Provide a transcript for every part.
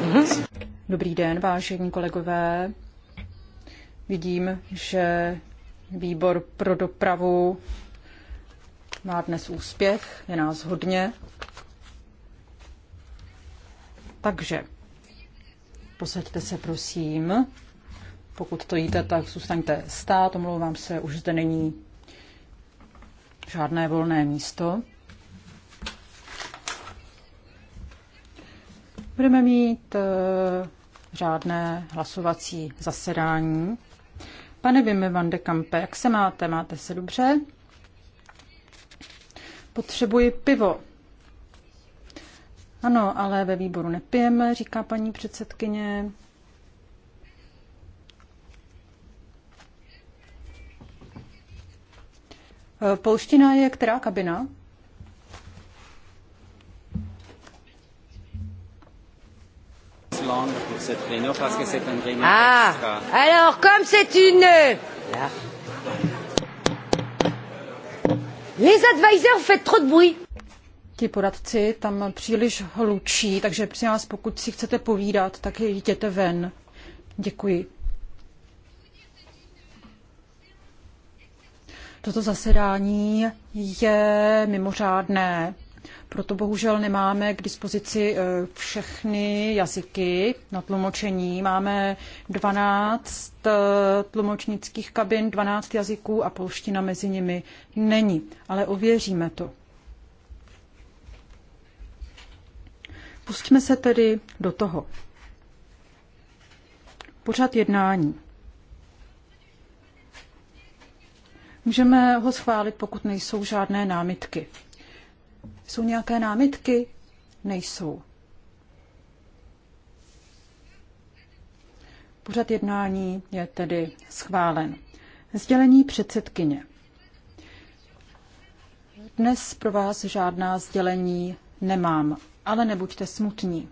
Mhm. Dobrý den, vážení kolegové. Vidím, že výbor pro dopravu má dnes úspěch, je nás hodně. Takže posaďte se prosím. Pokud to jíte, tak zůstaňte stát. Omlouvám se, už zde není žádné volné místo. Budeme mít eh, řádné hlasovací zasedání. Pane Vime van de Kampe, jak se máte? Máte se dobře? Potřebuji pivo. Ano, ale ve výboru nepijeme, říká paní předsedkyně. Eh, polština je která kabina? langue pour cette réunion parce que c'est une réunion ah, extra. Alors, comme c'est une... Euh, là. Les advisors, faites trop de bruit. Ti poradci tam příliš hlučí, takže prosím vás, pokud si chcete povídat, tak jděte ven. Děkuji. Toto zasedání je mimořádné. Proto bohužel nemáme k dispozici e, všechny jazyky na tlumočení. Máme 12 e, tlumočnických kabin, 12 jazyků a polština mezi nimi není. Ale ověříme to. Pustíme se tedy do toho. Pořad jednání. Můžeme ho schválit, pokud nejsou žádné námitky. Jsou nějaké námitky? Nejsou. Pořad jednání je tedy schválen. Sdělení předsedkyně. Dnes pro vás žádná sdělení nemám, ale nebuďte smutní.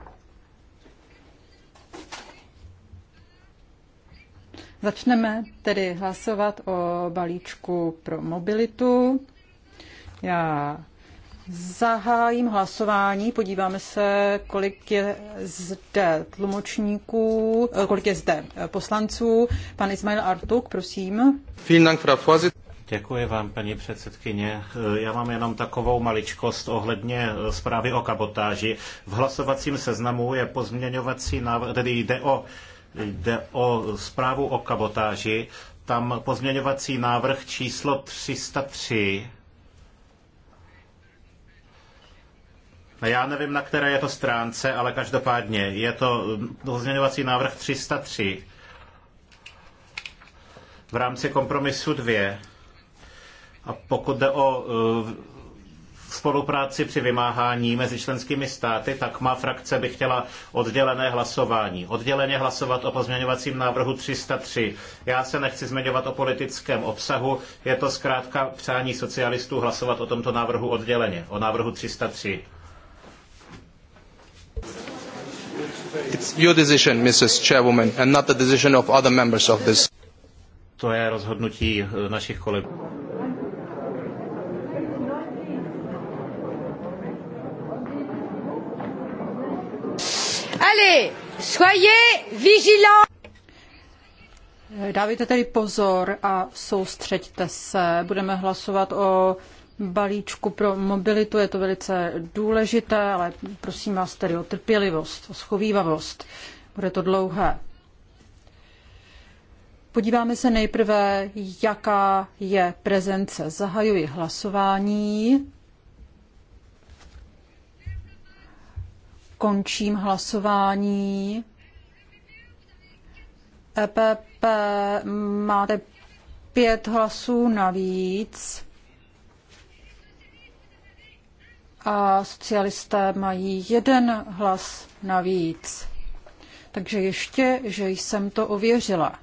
Začneme tedy hlasovat o balíčku pro mobilitu. Já Zahájím hlasování, podíváme se, kolik je zde tlumočníků, eh, kolik je zde eh, poslanců. Pan Ismail Artuk, prosím. Děkuji vám, paní předsedkyně. Eh, já mám jenom takovou maličkost ohledně zprávy o kabotáži. V hlasovacím seznamu je pozměňovací návrh, tedy jde o, jde o zprávu o kabotáži, tam pozměňovací návrh číslo 303 Já nevím, na které je to stránce, ale každopádně je to mm, pozměňovací návrh 303 v rámci kompromisu 2. A pokud jde o e, spolupráci při vymáhání mezi členskými státy, tak má frakce by chtěla oddělené hlasování. Odděleně hlasovat o pozměňovacím návrhu 303. Já se nechci zmiňovat o politickém obsahu, je to zkrátka přání socialistů hlasovat o tomto návrhu odděleně, o návrhu 303. It's your decision, Mrs. Chairwoman, and not the decision of other members of this. To je rozhodnutí eh, našich kolegů. Allez, soyez vigilants. Dávejte tedy pozor a soustřeďte se. Budeme hlasovat o balíčku pro mobilitu. Je to velice důležité, ale prosím vás tedy o trpělivost, o schovývavost. Bude to dlouhé. Podíváme se nejprve, jaká je prezence. Zahajuji hlasování. Končím hlasování. EPP máte pět hlasů navíc. a socialisté mají jeden hlas navíc. Takže ještě, že jsem to ověřila.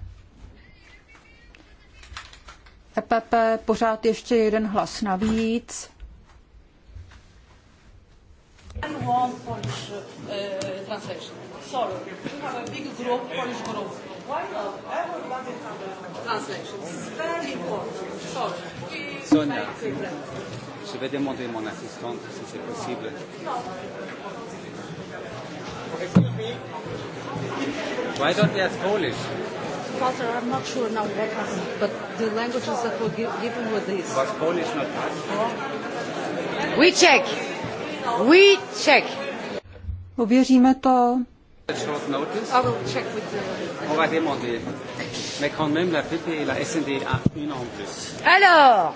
EPP pořád ještě jeden hlas navíc. Je vais demander à mon assistante si c'est Why don't they ask Polish? Father, I'm not sure now what happened, but the languages that were gi given were these. Was Polish not asked? We check. We check. Ověříme to. Short notice. I will check with the... On va demander. Mais quand même, la PP et la SND a une en plus. Alors,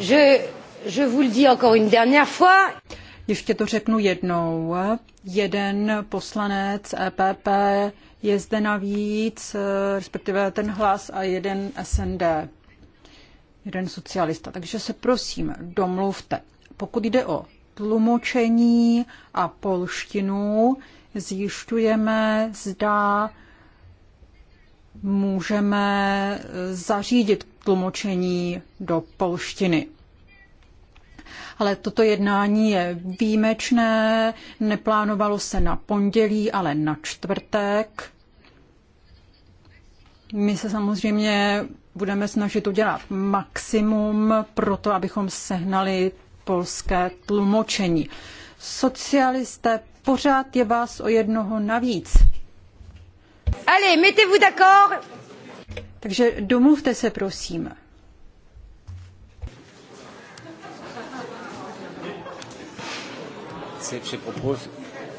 je, je vous le dis encore une dernière fois. Ještě to řeknu jednou. Jeden poslanec EPP je zde navíc, respektive ten hlas a jeden SND, jeden socialista. Takže se prosím, domluvte. Pokud jde o tlumočení a polštinu, zjišťujeme, zda můžeme zařídit tlumočení do polštiny. Ale toto jednání je výjimečné, neplánovalo se na pondělí, ale na čtvrtek. My se samozřejmě budeme snažit udělat maximum pro to, abychom sehnali polské tlumočení. Socialisté, pořád je vás o jednoho navíc. Allez, mettez-vous d'accord. Takže domluvte se, prosím. Je propose,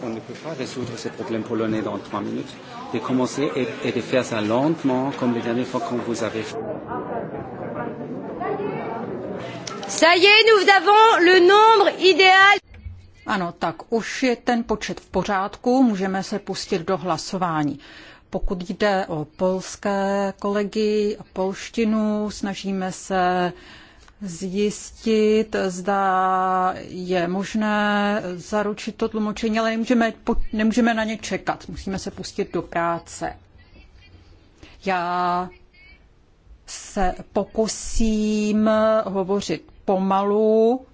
on ne peut pas résoudre ce problème polonais dans trois minutes, de commencer et, et de faire ça lentement, comme les dernières fois qu'on vous fait. Ça y est, nous avons le nombre idéal. Ano, tak už je ten počet v pořádku, můžeme se pustit do hlasování. Pokud jde o polské kolegy a polštinu, snažíme se zjistit, zda je možné zaručit to tlumočení, ale nemůžeme, nemůžeme na ně čekat. Musíme se pustit do práce. Já se pokusím hovořit pomalu,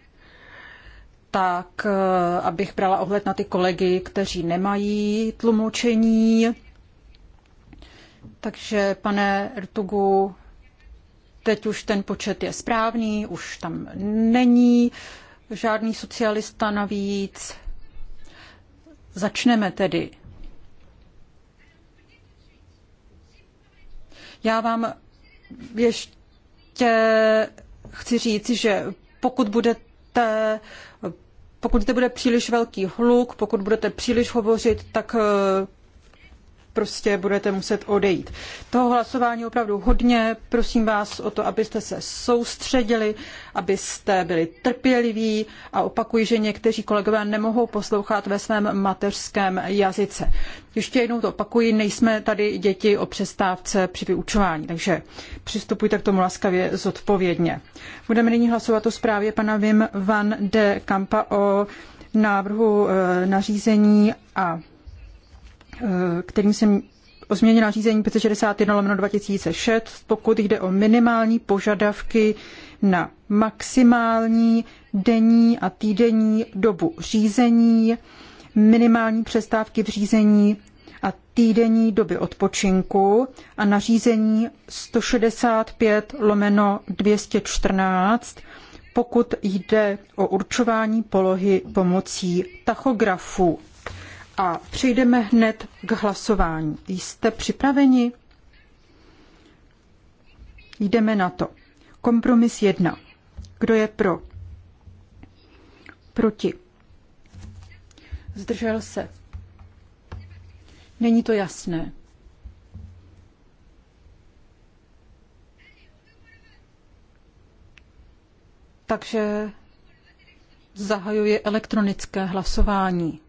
tak eh, abych brala ohled na ty kolegy, kteří nemají tlumočení. Takže, pane Rtugu, teď už ten počet je správný, už tam není žádný socialista navíc. Začneme tedy. Já vám ještě chci říct, že pokud budete pokud zde bude příliš velký hluk, pokud budete příliš hovořit, tak prostě budete muset odejít. Toho hlasování opravdu hodně. Prosím vás o to, abyste se soustředili, abyste byli trpěliví a opakuji, že někteří kolegové nemohou poslouchat ve svém mateřském jazyce. Ještě jednou to opakuji, nejsme tady děti o přestávce při vyučování, takže přistupujte k tomu laskavě zodpovědně. Budeme nyní hlasovat o zprávě pana Vim van de Kampa o návrhu eh, nařízení a Eh, kterým se o změně nařízení 561 lomeno 2006, pokud jde o minimální požadavky na maximální denní a týdenní dobu řízení, minimální přestávky v řízení a týdenní doby odpočinku a nařízení 165 lomeno 214, pokud jde o určování polohy pomocí tachografu a přejdeme hned k hlasování. Jste připraveni? Jdeme na to. Kompromis 1. Kdo je pro? Proti. Zdržel se. Není to jasné. Takže zahajuje elektronické hlasování.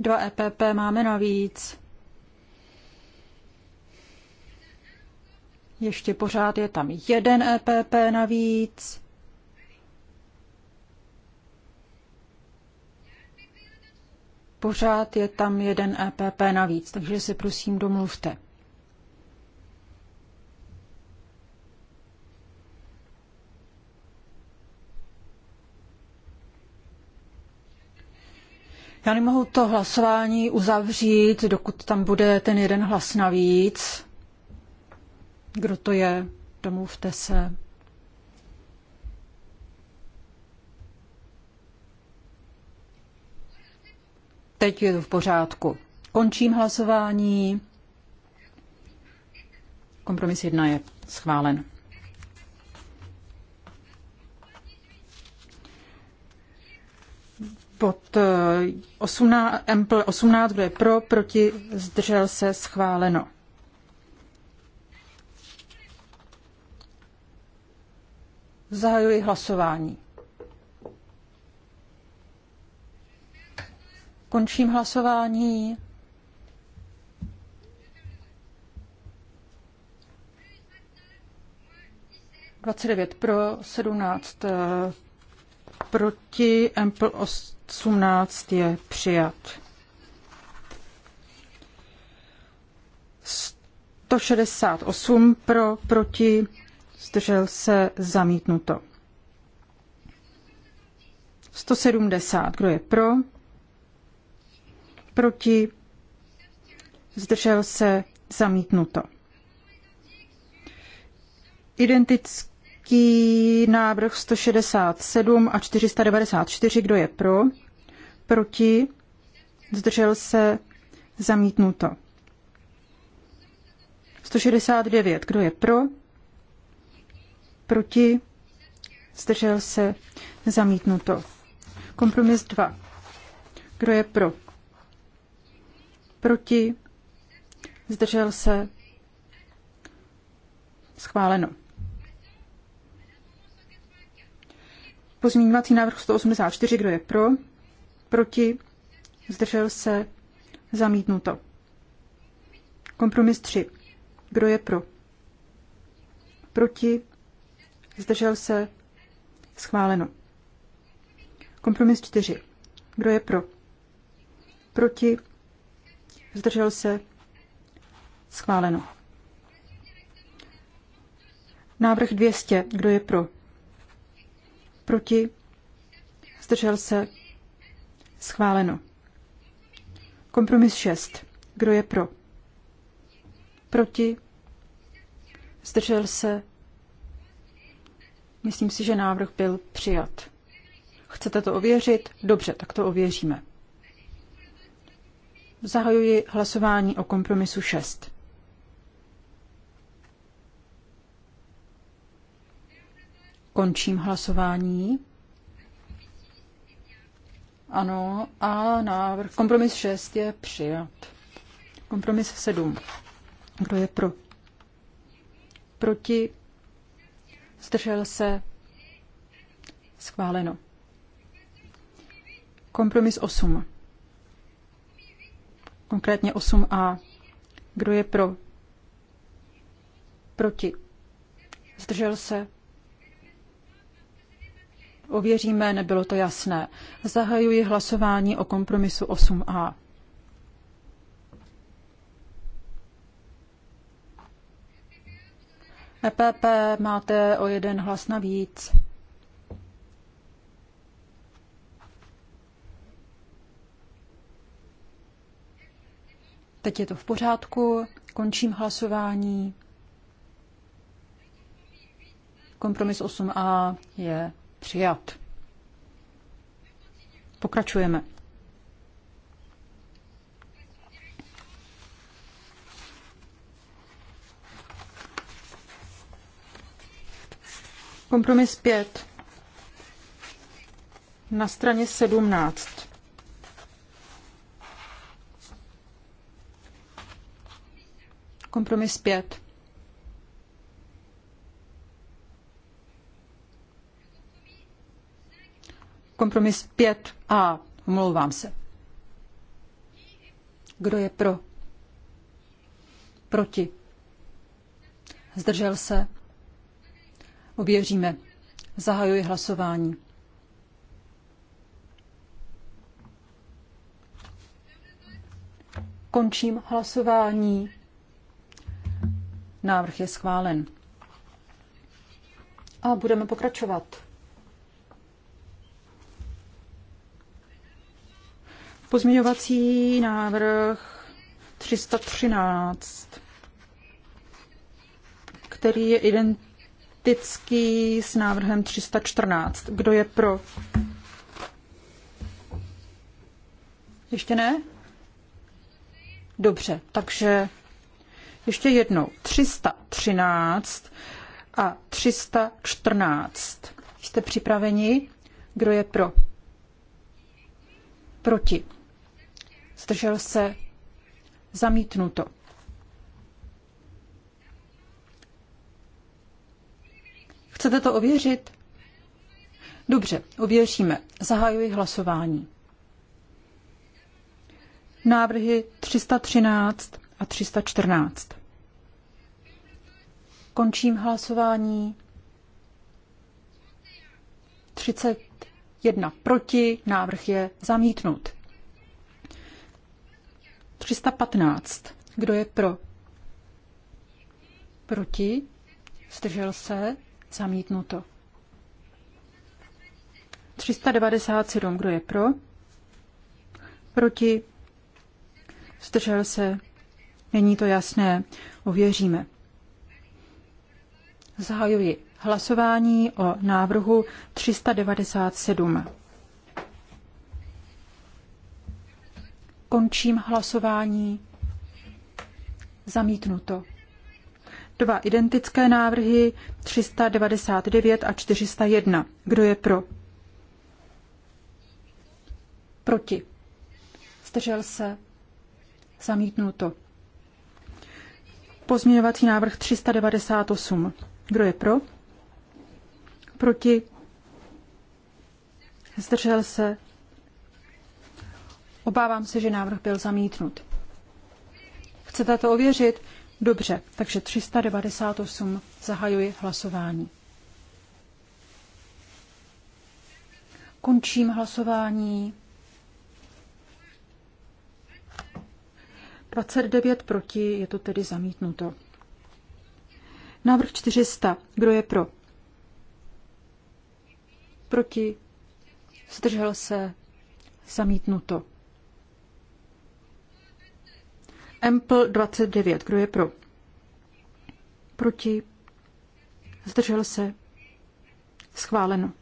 Dva EPP máme navíc. Ještě pořád je tam jeden EPP navíc. Pořád je tam jeden EPP navíc, takže se prosím domluvte. Já nemohu to hlasování uzavřít, dokud tam bude ten jeden hlas navíc. Kdo to je? Domluvte se. Teď je to v pořádku. Končím hlasování. Kompromis jedna je schválen. pod 18, eh, 18, kdo je pro, proti, zdržel se, schváleno. Zahajuji hlasování. Končím hlasování. Dvacet devět pro, sedmnáct eh, proti, empl 18 18 je přijat. 168 pro, proti, zdržel se zamítnuto. 170, kdo je pro, proti, zdržel se zamítnuto. Identický Identický návrh 167 a 494, kdo je pro, proti, zdržel se, zamítnuto. 169, kdo je pro, proti, zdržel se, zamítnuto. Kompromis 2. Kdo je pro? Proti? Zdržel se? Schváleno. Pozměňovací návrh 184, kdo je pro? Proti? Zdržel se? Zamítnuto. Kompromis 3. Kdo je pro? Proti? Zdržel se? Schváleno. Kompromis 4. Kdo je pro? Proti? Zdržel se? Schváleno. Návrh 200. Kdo je pro? Proti? Zdržel se? Schváleno. Kompromis 6. Kdo je pro? Proti? Zdržel se? Myslím si, že návrh byl přijat. Chcete to ověřit? Dobře, tak to ověříme. Zahajuji hlasování o kompromisu 6. Končím hlasování. Ano, a návrh. Kompromis 6 je přijat. Kompromis 7. Kdo je pro? Proti? Zdržel se? Schváleno. Kompromis 8. Konkrétně 8a. Kdo je pro? Proti? Zdržel se? Ověříme, nebylo to jasné. Zahajuji hlasování o kompromisu 8a. EPP máte o jeden hlas navíc. Teď je to v pořádku, končím hlasování. Kompromis 8a je Přijat. Pokračujeme. Kompromis 5. Na straně 17. Kompromis 5. kompromis 5a. Omlouvám se. Kdo je pro? Proti? Zdržel se? Ověříme. Zahajuji hlasování. Končím hlasování. Návrh je schválen. A budeme pokračovat. Pozměňovací návrh 313, který je identický s návrhem 314. Kdo je pro? Ještě ne? Dobře, takže ještě jednou 313 a 314. Jste připraveni? Kdo je pro? Proti zdržel se, zamítnuto. Chcete to ověřit? Dobře, ověříme. Zahajuji hlasování. Návrhy 313 a 314. Končím hlasování. 31 proti, návrh je zamítnut. 315. Kdo je pro? Proti? Zdržel se? Zamítnuto. 397. Kdo je pro? Proti? Zdržel se? Není to jasné. Ověříme. Zahajuji hlasování o návrhu 397. Končím hlasování. Zamítnuto. Dva identické návrhy 399 a 401. Kdo je pro? Proti. Zdržel se. Zamítnuto. Pozměňovací návrh 398. Kdo je pro? Proti? Zdržel se? Obávám se, že návrh byl zamítnut. Chcete to ověřit? Dobře, takže 398 zahajuji hlasování. Končím hlasování. 29 proti, je to tedy zamítnuto. Návrh 400. Kdo je pro? Proti. Zdržel se. Zamítnuto. Ample 29. Kdo je pro? Proti? Zdržel se? Schváleno.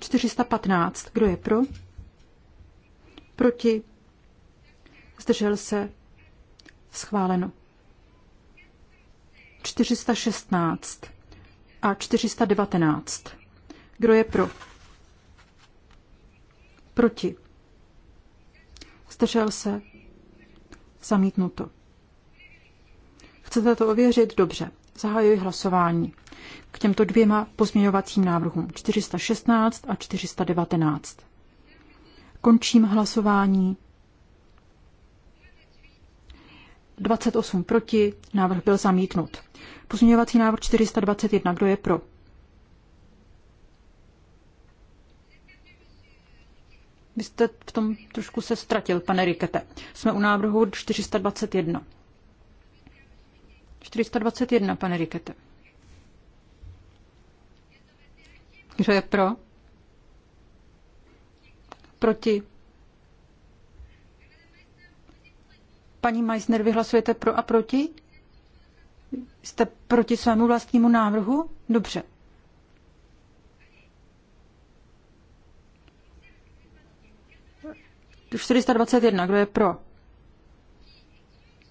415. Kdo je pro? Proti? Zdržel se? Schváleno. 416 a 419. Kdo je pro? Proti? Zdržel se? Zamítnuto. Chcete to ověřit? Dobře. Zahajuji hlasování k těmto dvěma pozměňovacím návrhům 416 a 419. Končím hlasování. 28 proti, návrh byl zamítnut. Pozměňovací návrh 421, kdo je pro? Vy jste v tom trošku se ztratil, pane Rikete. Jsme u návrhu 421. 421, pane Rikete. Kdo je pro? Proti? Paní Meissner, vyhlasujete pro a proti? Jste proti svému vlastnímu návrhu? Dobře. 421. Kdo je pro?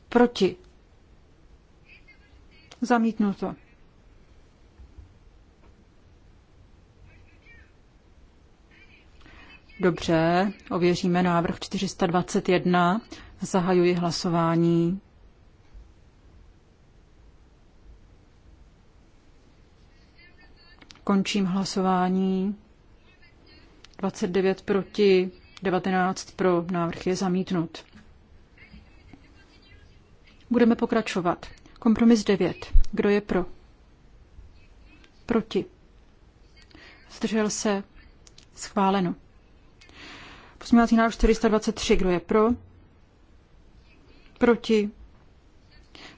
Proti. Zamítnuto. Dobře, ověříme návrh 421. Zahajuji hlasování. Končím hlasování. 29 proti, 19 pro, návrh je zamítnut. Budeme pokračovat. Kompromis 9. Kdo je pro? Proti. Zdržel se. Schváleno. Pozměňovací návrh 423. Kdo je pro? Proti.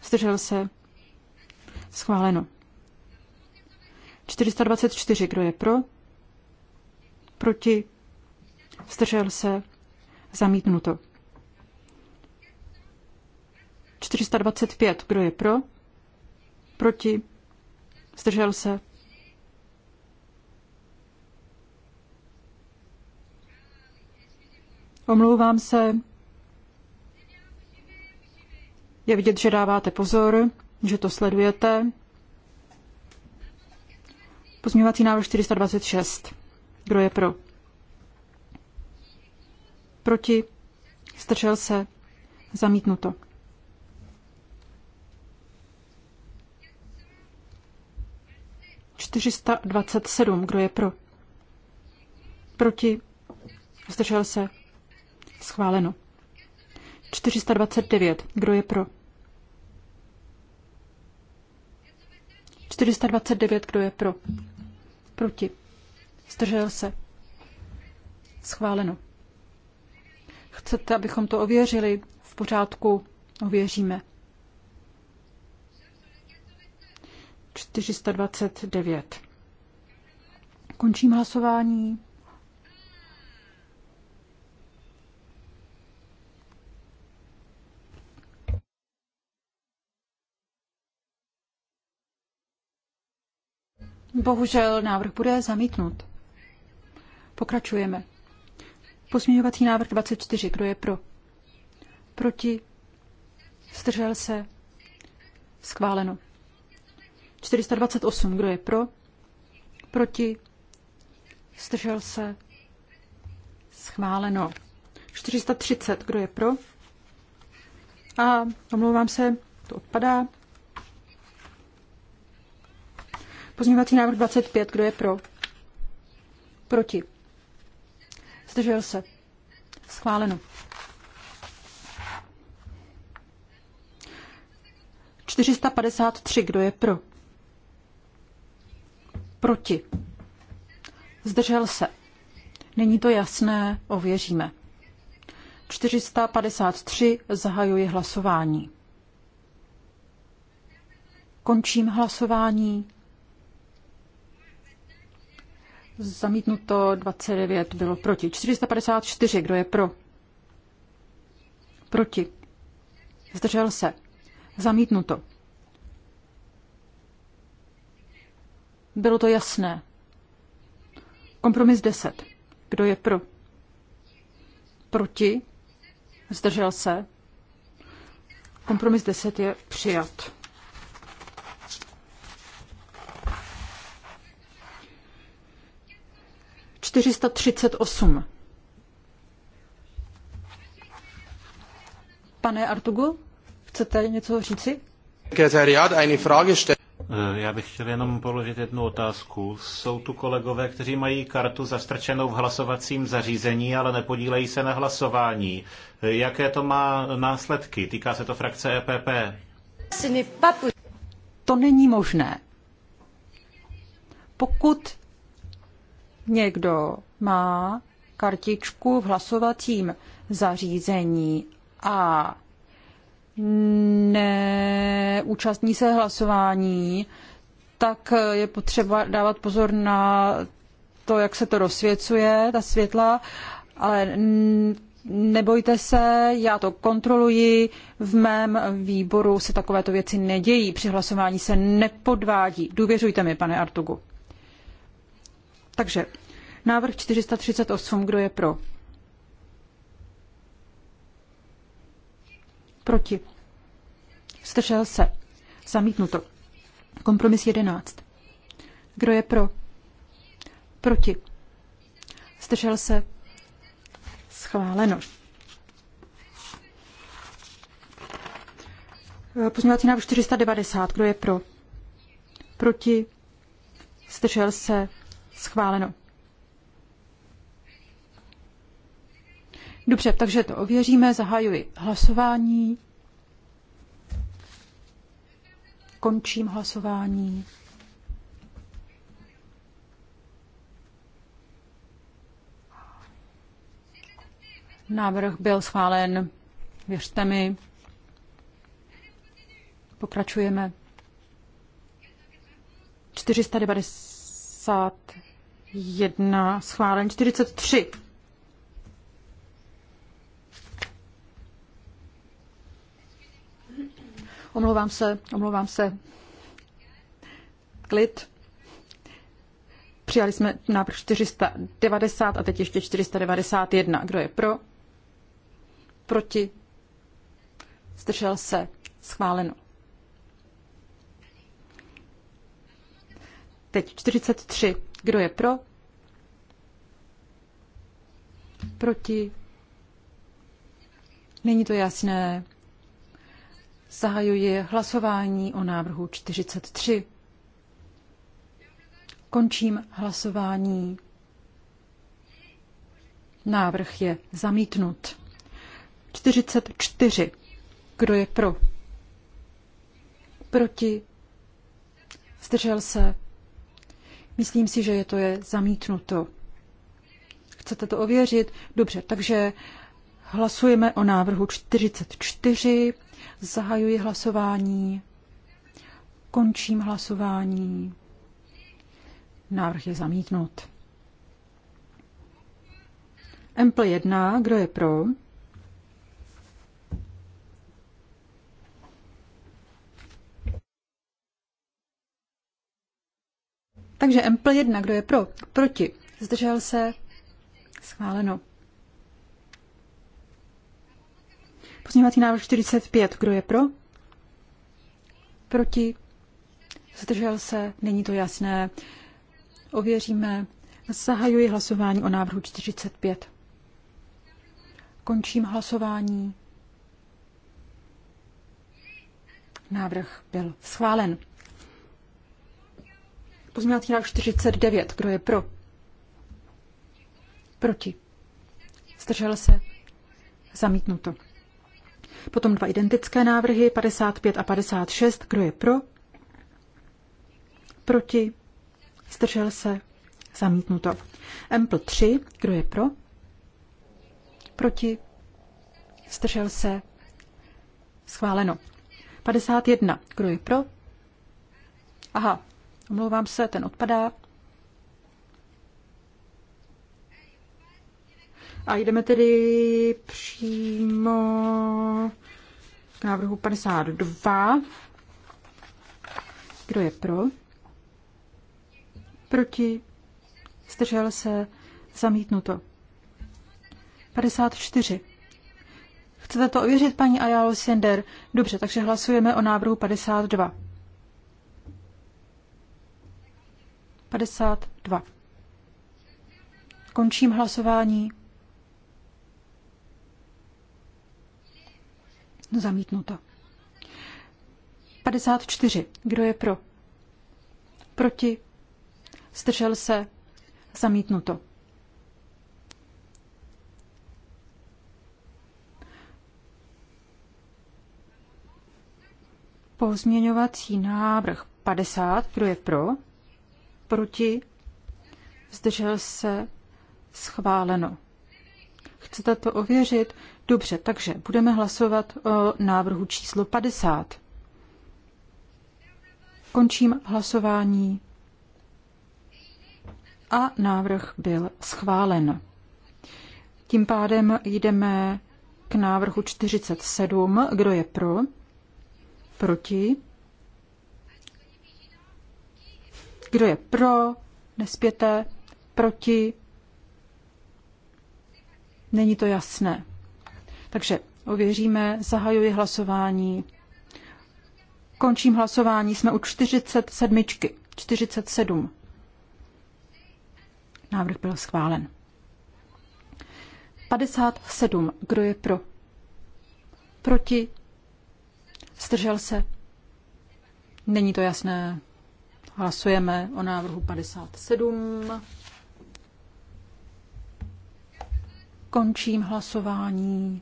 Zdržel se. Schváleno. 424. Kdo je pro? Proti zdržel se, zamítnuto. 425, kdo je pro, proti, zdržel se. Omlouvám se. Je vidět, že dáváte pozor, že to sledujete. Pozměňovací návrh 426. Kdo je pro? proti, zdržel se, zamítnuto. Čtyřista dvacet sedm, kdo je pro? Proti, zdržel se, schváleno. 429, kdo je pro? 429, kdo je pro? Proti. Zdržel se. Schváleno. Chcete, abychom to ověřili? V pořádku, ověříme. 429. Končím hlasování. Bohužel návrh bude zamítnut. Pokračujeme. Posměňovací návrh 24. Kdo je pro? Proti? Zdržel se? Schváleno. 428. Kdo je pro? Proti? Zdržel se? Schváleno. 430. Kdo je pro? A omlouvám se, to odpadá. Pozměňovací návrh 25. Kdo je pro? Proti? Zdržel se. Schváleno. 453. Kdo je pro? Proti. Zdržel se. Není to jasné, ověříme. 453 zahajuje hlasování. Končím hlasování. Zamítnuto 29 bylo proti. 454, kdo je pro? Proti. Zdržel se. Zamítnuto. Bylo to jasné. Kompromis 10. Kdo je pro? Proti? Zdržel se? Kompromis 10 je přijat. 438. Pane Artugu, chcete něco říci? Eh, já bych chtěl jenom položit jednu otázku. Jsou tu kolegové, kteří mají kartu zastrčenou v hlasovacím zařízení, ale nepodílejí se na hlasování. Eh, jaké to má následky? Týká se to frakce EPP. To není možné. Pokud někdo má kartičku v hlasovacím zařízení a neúčastní se hlasování, tak je potřeba dávat pozor na to, jak se to rozsvěcuje, ta světla, ale nebojte se, já to kontroluji, v mém výboru se takovéto věci nedějí, při hlasování se nepodvádí. Důvěřujte mi, pane Artugu. Takže Návrh 438, kdo je pro? Proti. Stržel se. Zamítnuto. Kompromis 11. Kdo je pro? Proti. Stržel se. Schváleno. Pozměňovací návrh 490. Kdo je pro? Proti? Stržel se? Schváleno. Dobře, takže to ověříme, zahajuji hlasování. Končím hlasování. Návrh byl schválen. Věřte mi. Pokračujeme. 491 schválen, 43 Omlouvám se, omlouvám se. Klid. Přijali jsme návrh 490 a teď ještě 491. Kdo je pro? Proti? Zdržel se? Schváleno. Teď 43. Kdo je pro? Proti? Není to jasné. Zahajuji hlasování o návrhu 43. Končím hlasování. Návrh je zamítnut. 44. Kdo je pro? Proti? Zdržel se? Myslím si, že je to je zamítnuto. Chcete to ověřit? Dobře, takže hlasujeme o návrhu 44. Zahajuji hlasování. Končím hlasování. Návrh je zamítnut. Empl 1, kdo je pro? Takže Empl 1, kdo je pro? Proti. Zdržel se? Schváleno. Pozměňovací návrh 45. Kdo je pro? Proti? Zdržel se? Není to jasné. Ověříme. Zahajuji hlasování o návrhu 45. Končím hlasování. Návrh byl schválen. Pozměňovací návrh 49. Kdo je pro? Proti. Zdržel se? Zamítnuto. Potom dva identické návrhy, 55 a 56. Kdo je pro? Proti? Zdržel se? Zamítnuto. Empl 3. Kdo je pro? Proti? Zdržel se? Schváleno. 51. Kdo je pro? Aha, omlouvám se, ten odpadá. A jdeme tedy přímo k návrhu 52. Kdo je pro? Proti? Zdržel se? Zamítnuto. 54. Chcete to ověřit, paní Ayalo Sender? Dobře, takže hlasujeme o návrhu 52. 52. Končím hlasování. Zamítnuto. 54. Kdo je pro? Proti? Zdržel se? Zamítnuto. Pozměňovací návrh 50. Kdo je pro? Proti? Zdržel se? Schváleno. Chcete to ověřit? Dobře, takže budeme hlasovat o návrhu číslo 50. Končím hlasování. A návrh byl schválen. Tím pádem jdeme k návrhu 47. Kdo je pro? Proti? Kdo je pro? Nespěte? Proti? Není to jasné. Takže ověříme, zahajuji hlasování. Končím hlasování, jsme u 47. 47. Návrh byl schválen. 57. Kdo je pro? Proti? Zdržel se? Není to jasné. Hlasujeme o návrhu 57. Končím hlasování.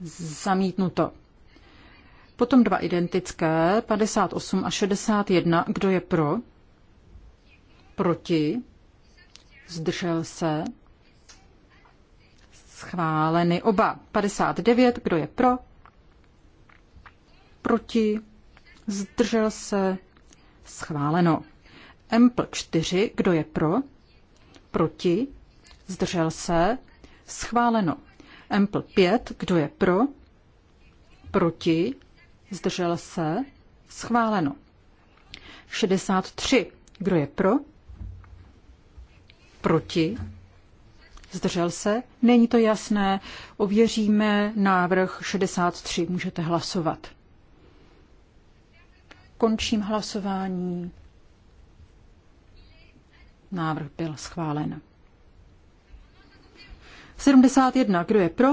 Zamítnuto. Potom dva identické, 58 a 61. Kdo je pro? Proti? Zdržel se? Schváleny oba. 59. Kdo je pro? Proti? Zdržel se? Schváleno. Empl 4. Kdo je pro? proti, zdržel se, schváleno. Empl 5, kdo je pro, proti, zdržel se, schváleno. 63, kdo je pro, proti, zdržel se, není to jasné, ověříme návrh 63, můžete hlasovat. Končím hlasování. Návrh byl schválen. 71. Kdo je pro?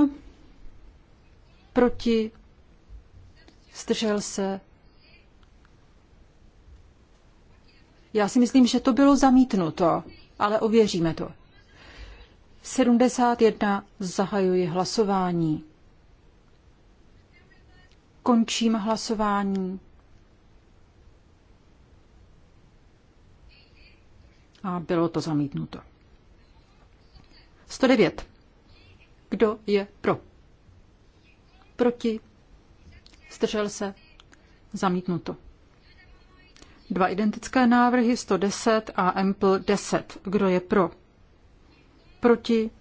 Proti? Zdržel se? Já si myslím, že to bylo zamítnuto, ale ověříme to. 71. Zahajuji hlasování. Končím hlasování. a bylo to zamítnuto. 109. Kdo je pro? Proti? Zdržel se? Zamítnuto. Dva identické návrhy 110 a ample 10. Kdo je pro? Proti?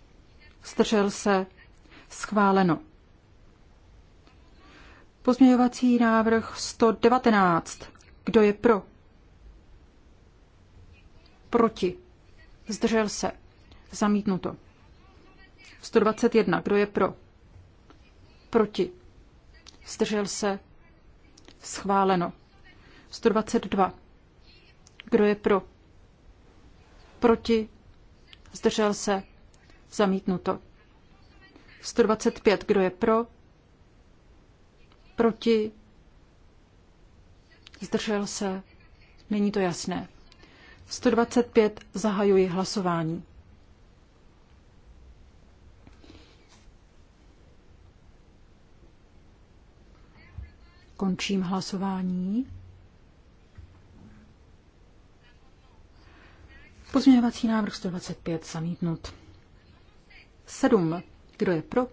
Zdržel se? Schváleno. Pozměňovací návrh 119. Kdo je pro? Proti. Zdržel se. Zamítnuto. 121. Kdo je pro? Proti. Zdržel se. Schváleno. 122. Kdo je pro? Proti. Zdržel se. Zamítnuto. 125. Kdo je pro? Proti? Zdržel se? Není to jasné. 125 zahajuji hlasování. Končím hlasování. Pozměňovací návrh 125 zamítnut. 7. Kdo je pro?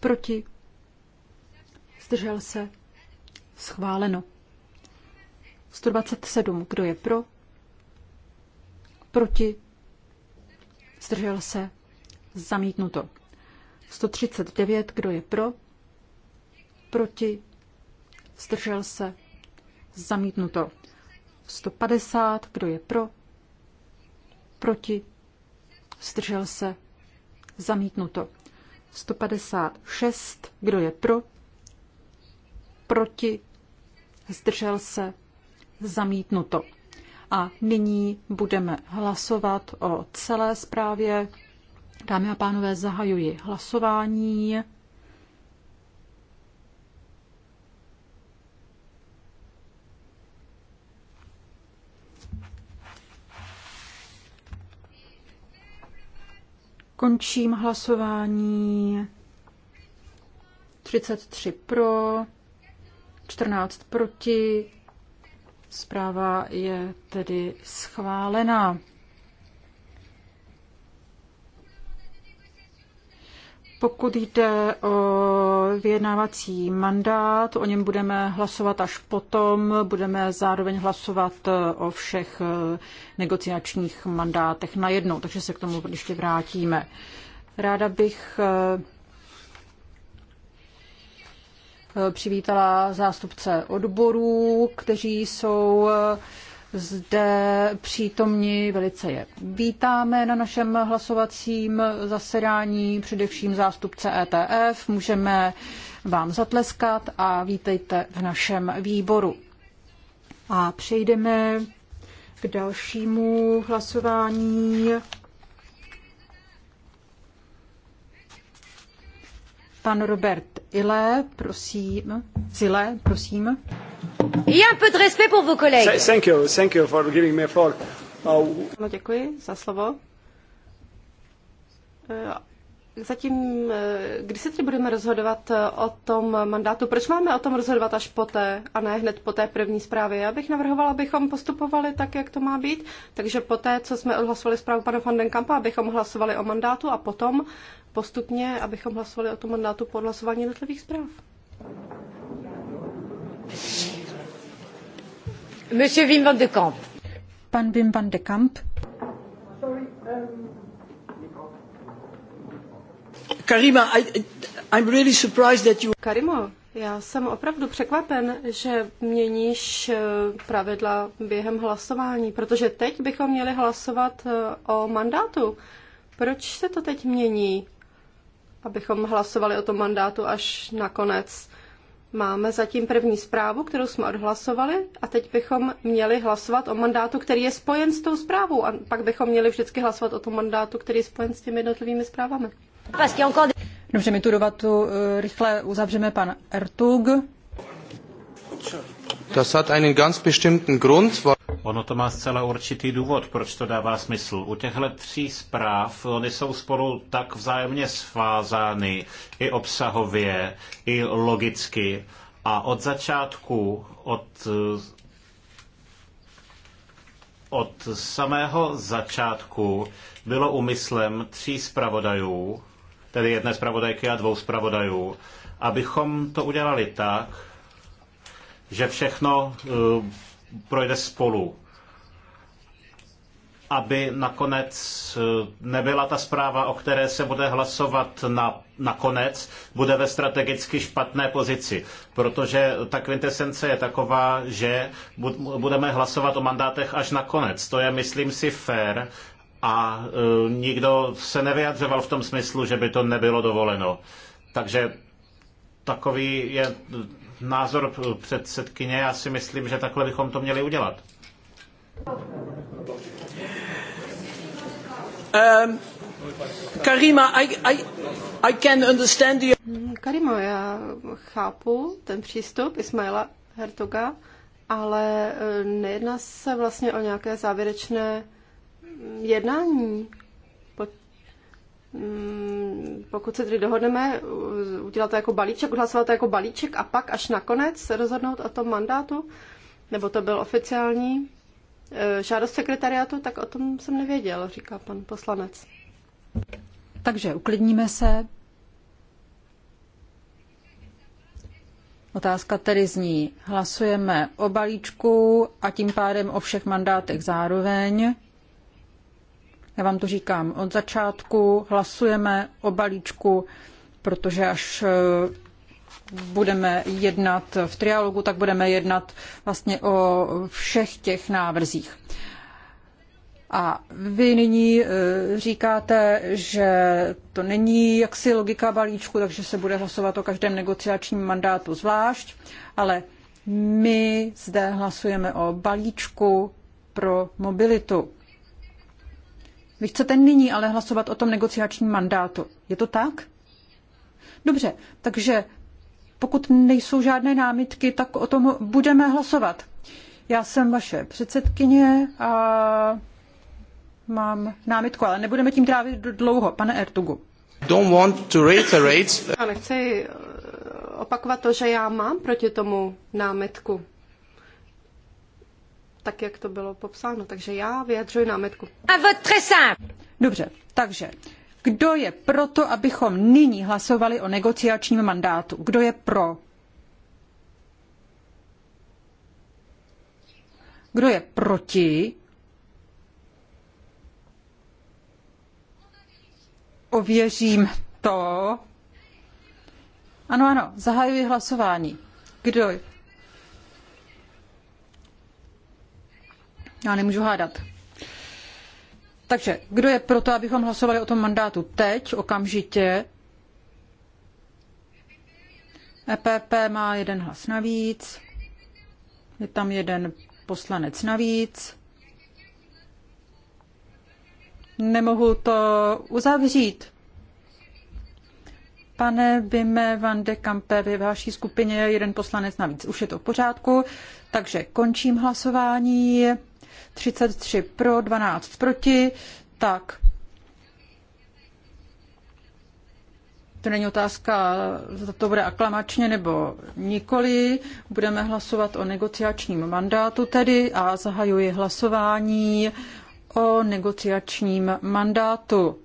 Proti? Zdržel se? Schváleno. 127. Kdo je pro? Proti? Zdržel se? Zamítnuto. 139. Kdo je pro? Proti? Zdržel se? Zamítnuto. 150. Kdo je pro? Proti? Zdržel se? Zamítnuto. 156. Kdo je pro? Proti? Zdržel se? zamítnuto. A nyní budeme hlasovat o celé zprávě. Dámy a pánové, zahajuji hlasování. Končím hlasování. 33 pro, 14 proti, Zpráva je tedy schválená. Pokud jde o vyjednávací mandát, o něm budeme hlasovat až potom. Budeme zároveň hlasovat o všech negociačních mandátech najednou, takže se k tomu ještě vrátíme. Ráda bych přivítala zástupce odborů, kteří jsou eh, zde přítomni, velice je vítáme na našem hlasovacím zasedání, především zástupce ETF. Můžeme vám zatleskat a vítejte v našem výboru. A přejdeme k dalšímu hlasování. Pan Robert Ile, prosím. Zile, prosím. Il y a un peu de respect pour vos collègues. Thank you, thank you for giving me a floor. Oh. No, děkuji za slovo. Eh, zatím, eh, kdy se tedy budeme rozhodovat eh, o tom mandátu? Proč máme o tom rozhodovat až poté a ne hned po té první zprávě? Já bych navrhovala, abychom postupovali tak, jak to má být. Takže poté, co jsme odhlasovali zprávu pana van den Kampa, abychom hlasovali o mandátu a potom postupně, abychom hlasovali o tom mandátu po odhlasování jednotlivých zpráv. Monsieur Wim van de Kamp. Pan Wim van de Kamp. Sorry, um... Karima, I, I'm really surprised that you... Karimo, já jsem opravdu překvapen, že měníš eh, pravidla během hlasování, protože teď bychom měli hlasovat eh, o mandátu. Proč se to teď mění, abychom hlasovali o tom mandátu až nakonec? Máme zatím první zprávu, kterou jsme odhlasovali a teď bychom měli hlasovat o mandátu, který je spojen s tou zprávou a pak bychom měli vždycky hlasovat o tom mandátu, který je spojen s těmi jednotlivými zprávami. Dobře, my tu dovatu eh, rychle uzavřeme pan Ertug. Das hat einen ganz bestimmten Grund, Ono to má zcela určitý důvod, proč to dává smysl. U těchto tří zpráv, oni jsou spolu tak vzájemně svázány i obsahově, i logicky. A od začátku, od eh, od samého začátku bylo úmyslem tří zpravodajů tedy jedné zpravodajky a dvou zpravodajů, abychom to udělali tak, že všechno eh, projde spolu. Aby nakonec eh, nebyla ta zpráva, o které se bude hlasovat na, nakonec, bude ve strategicky špatné pozici. Protože ta kvintesence je taková, že budeme hlasovat o mandátech až nakonec. To je, myslím si, fér a e, nikdo se nevyjadřoval v tom smyslu, že by to nebylo dovoleno. Takže takový je názor předsedkyně. Já si myslím, že takhle bychom to měli udělat. Um, Karima, I, I, I can understand you. Karima, já chápu ten přístup Ismaila Hertoga, ale e, nejedná se vlastně o nějaké závěrečné jednání. Mm, pokud se tedy dohodneme, udělat to jako balíček, odhlasovat to jako balíček a pak až nakonec se rozhodnout o tom mandátu, nebo to byl oficiální e, žádost sekretariátu, tak o tom jsem nevěděl, říká pan poslanec. Takže uklidníme se. Otázka tedy zní, hlasujeme o balíčku a tím pádem o všech mandátech zároveň. Já vám to říkám od začátku, hlasujeme o balíčku, protože až e, budeme jednat v trialogu, tak budeme jednat vlastně o všech těch návrzích. A vy nyní e, říkáte, že to není jaksi logika balíčku, takže se bude hlasovat o každém negociačním mandátu zvlášť, ale my zde hlasujeme o balíčku pro mobilitu. Vy chcete nyní ale hlasovat o tom negociačním mandátu. Je to tak? Dobře, takže pokud nejsou žádné námitky, tak o tom budeme hlasovat. Já jsem vaše předsedkyně a mám námitku, ale nebudeme tím trávit dlouho, pane Ertugu. Don't want to reiterate. Já nechci eh, opakovat to, že já mám proti tomu námitku tak, jak to bylo popsáno. Takže já vyjadřuji námitku. Dobře, takže kdo je proto, abychom nyní hlasovali o negociačním mandátu? Kdo je pro? Kdo je proti? Ověřím to. Ano, ano, zahajuji hlasování. Kdo Já nemůžu hádat. Takže kdo je pro to, abychom hlasovali o tom mandátu teď, okamžitě? EPP má jeden hlas navíc. Je tam jeden poslanec navíc. Nemohu to uzavřít. Pane Bime van de Kampe, ve vaší skupině je jeden poslanec navíc. Už je to v pořádku. Takže končím hlasování. 33 pro, 12 proti, tak to není otázka, zda to bude aklamačně nebo nikoli. Budeme hlasovat o negociačním mandátu tedy a zahajuji hlasování o negociačním mandátu.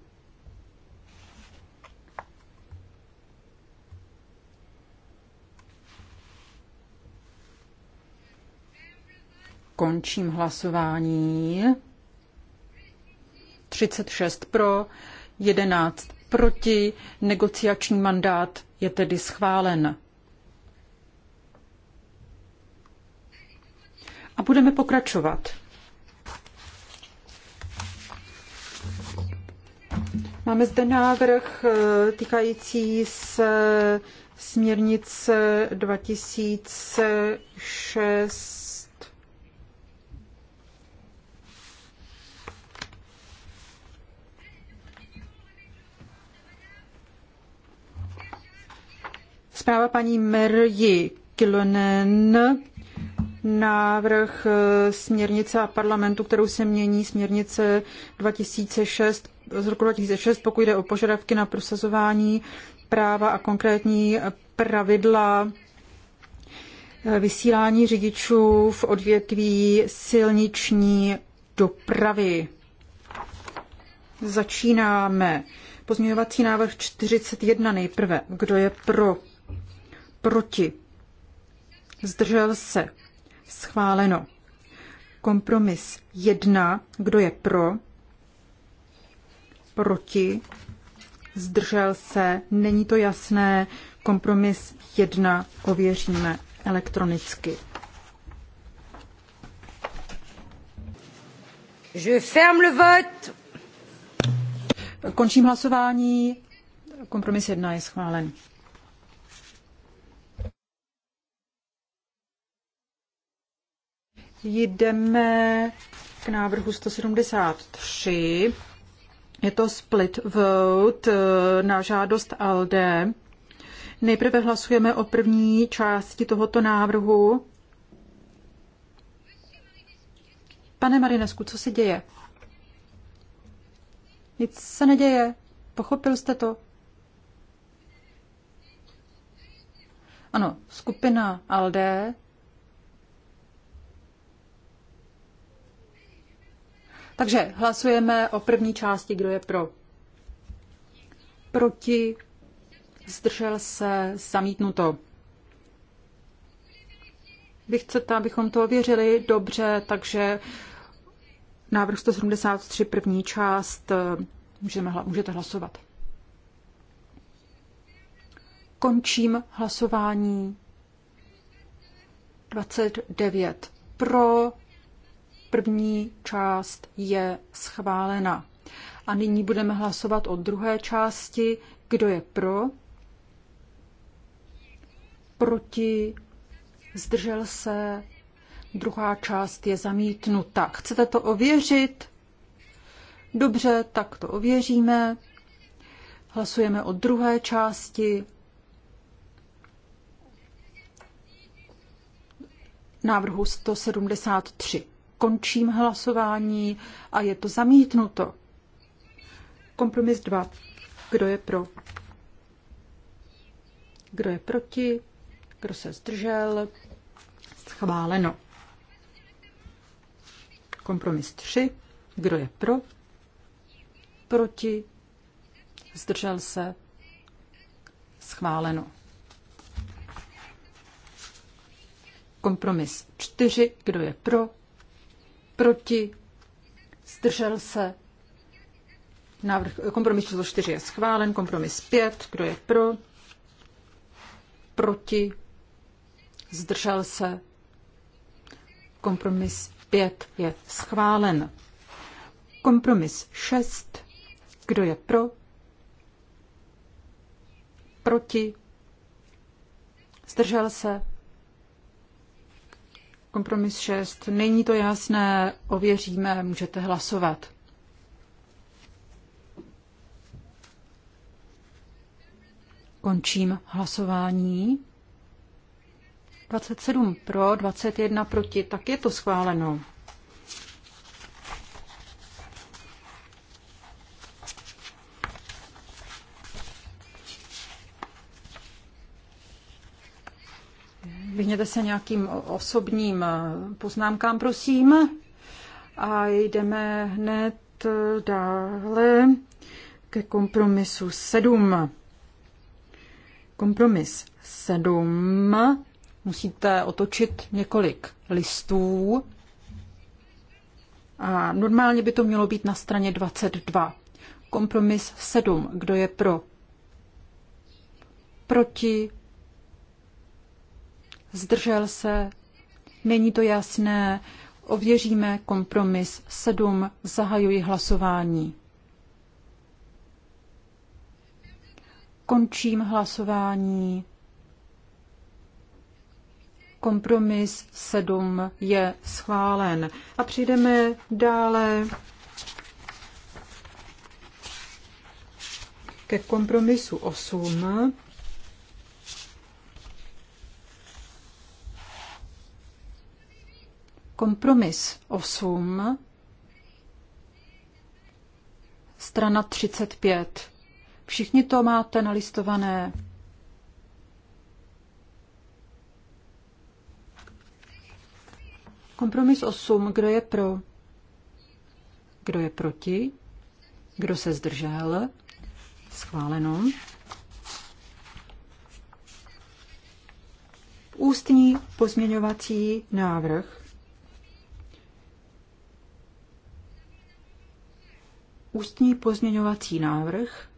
Končím hlasování. 36 pro, 11 proti. Negociační mandát je tedy schválen. A budeme pokračovat. Máme zde návrh eh, týkající se směrnice 2006 Zpráva paní Merji Kilonen, návrh eh, směrnice a parlamentu, kterou se mění směrnice 2006, z roku 2006, pokud jde o požadavky na prosazování práva a konkrétní pravidla eh, vysílání řidičů v odvětví silniční dopravy. Začínáme. Pozměňovací návrh 41 nejprve. Kdo je pro? proti, zdržel se, schváleno. Kompromis 1, kdo je pro, proti, zdržel se, není to jasné, kompromis 1 ověříme elektronicky. Je ferme le vote. Končím hlasování. Kompromis 1 je schválen. jdeme k návrhu 173. Je to split vote eh, na žádost ALDE. Nejprve hlasujeme o první části tohoto návrhu. Pane Marinesku, co se děje? Nic se neděje. Pochopil jste to? Ano, skupina ALDE Takže hlasujeme o první části, kdo je pro. Proti, zdržel se, zamítnuto. Vy chcete, abychom to ověřili? Dobře, takže návrh 173, první část, můžeme, můžete hlasovat. Končím hlasování. 29 pro, První část je schválena. A nyní budeme hlasovat o druhé části. Kdo je pro? Proti? Zdržel se? Druhá část je zamítnuta. Chcete to ověřit? Dobře, tak to ověříme. Hlasujeme o druhé části. Návrhu 173 končím hlasování a je to zamítnuto. Kompromis 2. Kdo je pro? Kdo je proti? Kdo se zdržel? Schváleno. Kompromis 3. Kdo je pro? Proti? Zdržel se? Schváleno. Kompromis 4. Kdo je pro? proti, zdržel se. Návrh, kompromis číslo 4 je schválen, kompromis 5, kdo je pro, proti, zdržel se. Kompromis 5 je schválen. Kompromis 6, kdo je pro, proti, zdržel se. Kompromis 6. Není to jasné, ověříme, můžete hlasovat. Končím hlasování. 27 pro, 21 proti, tak je to schváleno. vyhněte se nějakým osobním eh, poznámkám, prosím. A jdeme hned eh, dále ke kompromisu 7. Kompromis 7. Musíte otočit několik listů. A normálně by to mělo být na straně 22. Kompromis 7. Kdo je pro? Proti? zdržel se, není to jasné, ověříme kompromis 7, zahajuji hlasování. Končím hlasování. Kompromis 7 je schválen. A přijdeme dále ke kompromisu 8. Kompromis 8, strana 35. Všichni to máte nalistované. Kompromis 8. Kdo je pro? Kdo je proti? Kdo se zdržel? Schváleno. Ústní pozměňovací návrh ústní pozměňovací návrh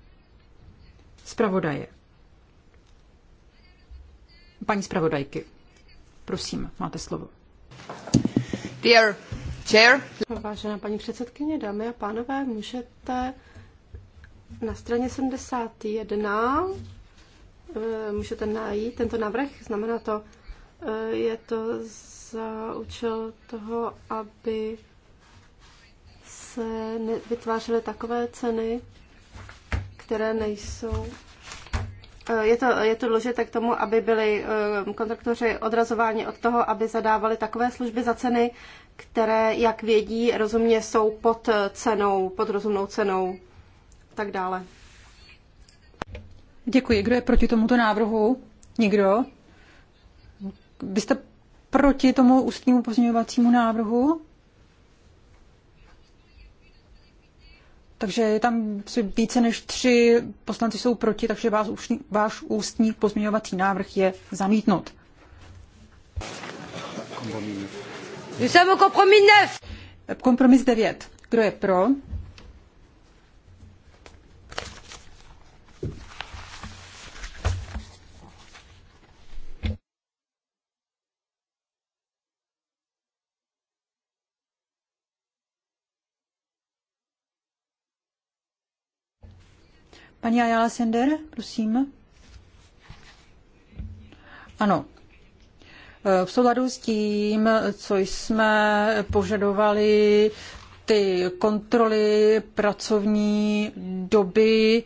zpravodaje. Paní zpravodajky, prosím, máte slovo. Dear chair. Vážená paní předsedkyně, dámy a pánové, můžete na straně 71 eh, můžete najít tento návrh, znamená to, eh, je to za účel toho, aby se vytvářely takové ceny, které nejsou. Eh, je to, je to důležité k tomu, aby byli eh, kontraktoři odrazováni od toho, aby zadávali takové služby za ceny, které, jak vědí, rozumně jsou pod cenou, pod rozumnou cenou a tak dále. Děkuji. Kdo je proti tomuto návrhu? Nikdo? Vy jste proti tomu ústnímu pozměňovacímu návrhu? Takže je tam více než tři poslanci jsou proti, takže vás, váš ústní pozměňovací návrh je zamítnut. Kompromis 9. Kdo je pro? Paní Ayala Sender, prosím. Ano. E, v souladu s tím, co jsme požadovali, ty kontroly pracovní doby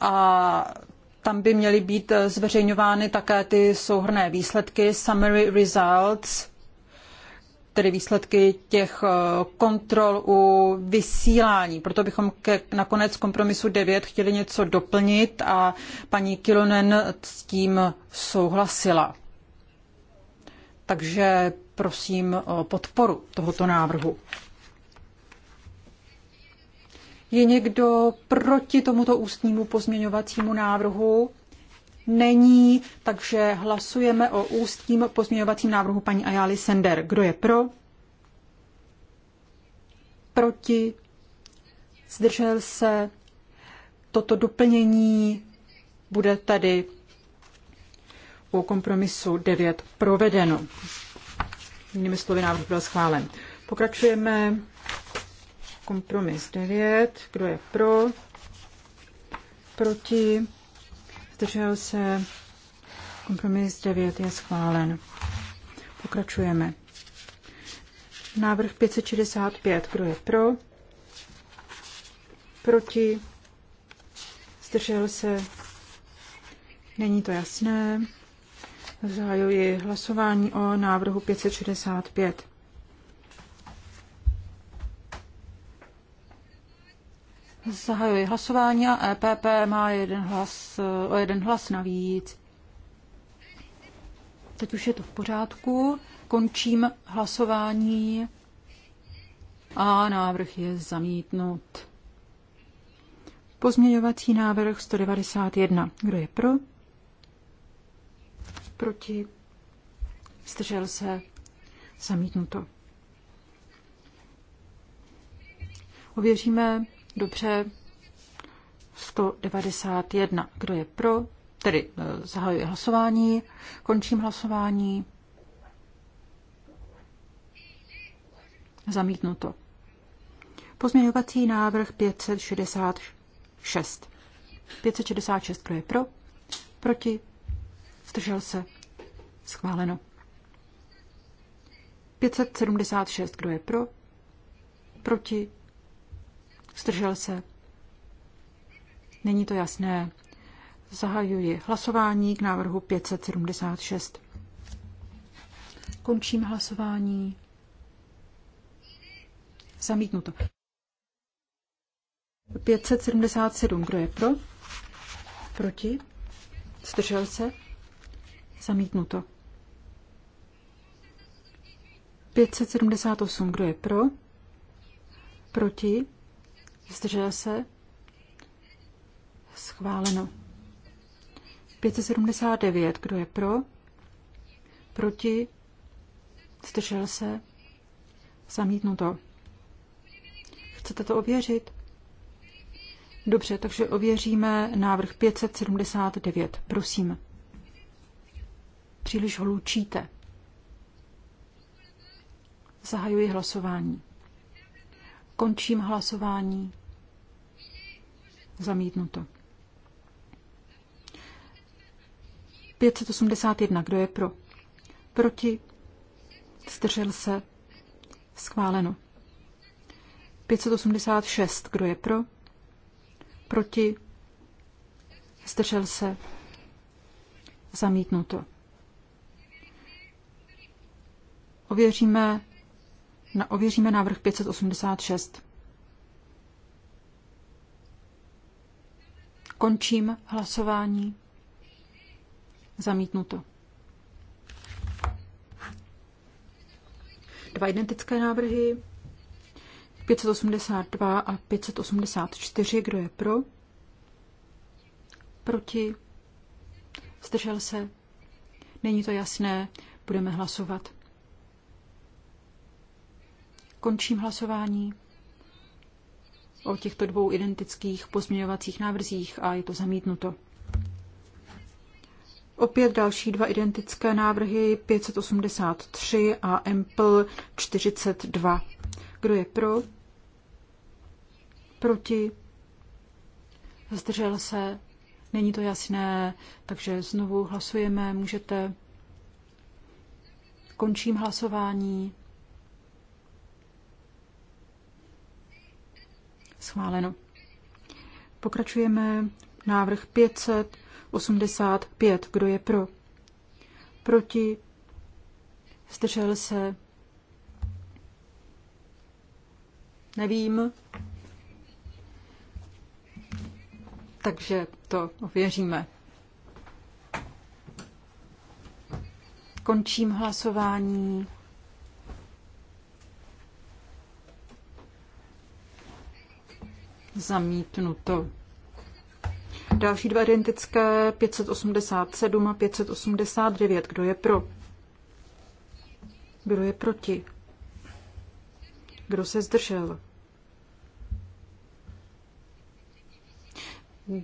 a tam by měly být zveřejňovány také ty souhrné výsledky, summary results, tedy výsledky těch eh, kontrol u vysílání. Proto bychom ke, nakonec kompromisu 9 chtěli něco doplnit a paní Kilonen s tím souhlasila. Takže prosím o podporu tohoto návrhu. Je někdo proti tomuto ústnímu pozměňovacímu návrhu? není, takže hlasujeme o ústním pozměňovacím návrhu paní Ajali Sender. Kdo je pro? Proti? Zdržel se? Toto doplnění bude tady u kompromisu 9 provedeno. Jinými slovy, návrh byl schválen. Pokračujeme. Kompromis 9. Kdo je pro? Proti? zdržel se, kompromis 9 je schválen. Pokračujeme. Návrh 565, kdo je pro, proti, zdržel se, není to jasné. Zahajuji hlasování o návrhu 565. Zahajuji hlasování a EPP má jeden hlas, o jeden hlas navíc. Teď už je to v pořádku. Končím hlasování a návrh je zamítnut. Pozměňovací návrh 191. Kdo je pro? Proti? Zdržel se? Zamítnuto. Ověříme Dobře. 191. Kdo je pro? Tedy eh, zahajuji hlasování. Končím hlasování. Zamítnuto. Pozměňovací návrh 566. 566, kdo je pro? Proti? Zdržel se? Schváleno. 576, kdo je pro? Proti? Zdržel se? Není to jasné. Zahajuji hlasování k návrhu 576. Končím hlasování. Zamítnuto. 577. Kdo je pro? Proti? Zdržel se? Zamítnuto. 578. Kdo je pro? Proti? Zdržel se? Schváleno. 579. Kdo je pro? Proti? Zdržel se? Zamítnuto. Chcete to ověřit? Dobře, takže ověříme návrh 579. Prosím. Příliš ho lučíte. Zahajuji hlasování. Končím hlasování. Zamítnuto. 581. Kdo je pro? Proti? Zdržel se? Schváleno. 586. Kdo je pro? Proti? Zdržel se? Zamítnuto. Ověříme, na, ověříme návrh 586. Končím hlasování. Zamítnuto. Dva identické návrhy. 582 a 584. Kdo je pro? Proti? Zdržel se? Není to jasné. Budeme hlasovat. Končím hlasování o těchto dvou identických pozměňovacích návrzích a je to zamítnuto. Opět další dva identické návrhy 583 a MPL 42. Kdo je pro? Proti? Zdržel se? Není to jasné, takže znovu hlasujeme. Můžete. Končím hlasování. Schváleno. Pokračujeme návrh 585. Kdo je pro? Proti? Zdržel se? Nevím. Takže to ověříme. Končím hlasování. zamítnuto. Další dva identické 587 a 589. Kdo je pro? Kdo je proti? Kdo se zdržel?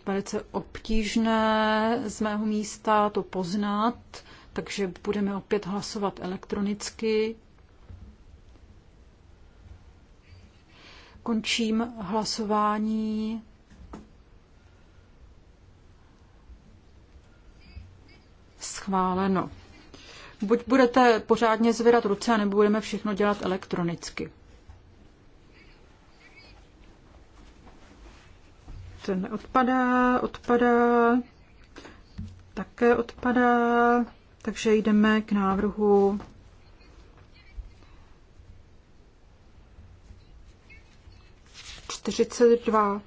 Velice obtížné z mého místa to poznat, takže budeme opět hlasovat elektronicky. Končím hlasování. Schváleno. Buď budete pořádně zvedat ruce, nebo budeme všechno dělat elektronicky. Ten odpadá, odpadá, také odpadá, takže jdeme k návrhu 42.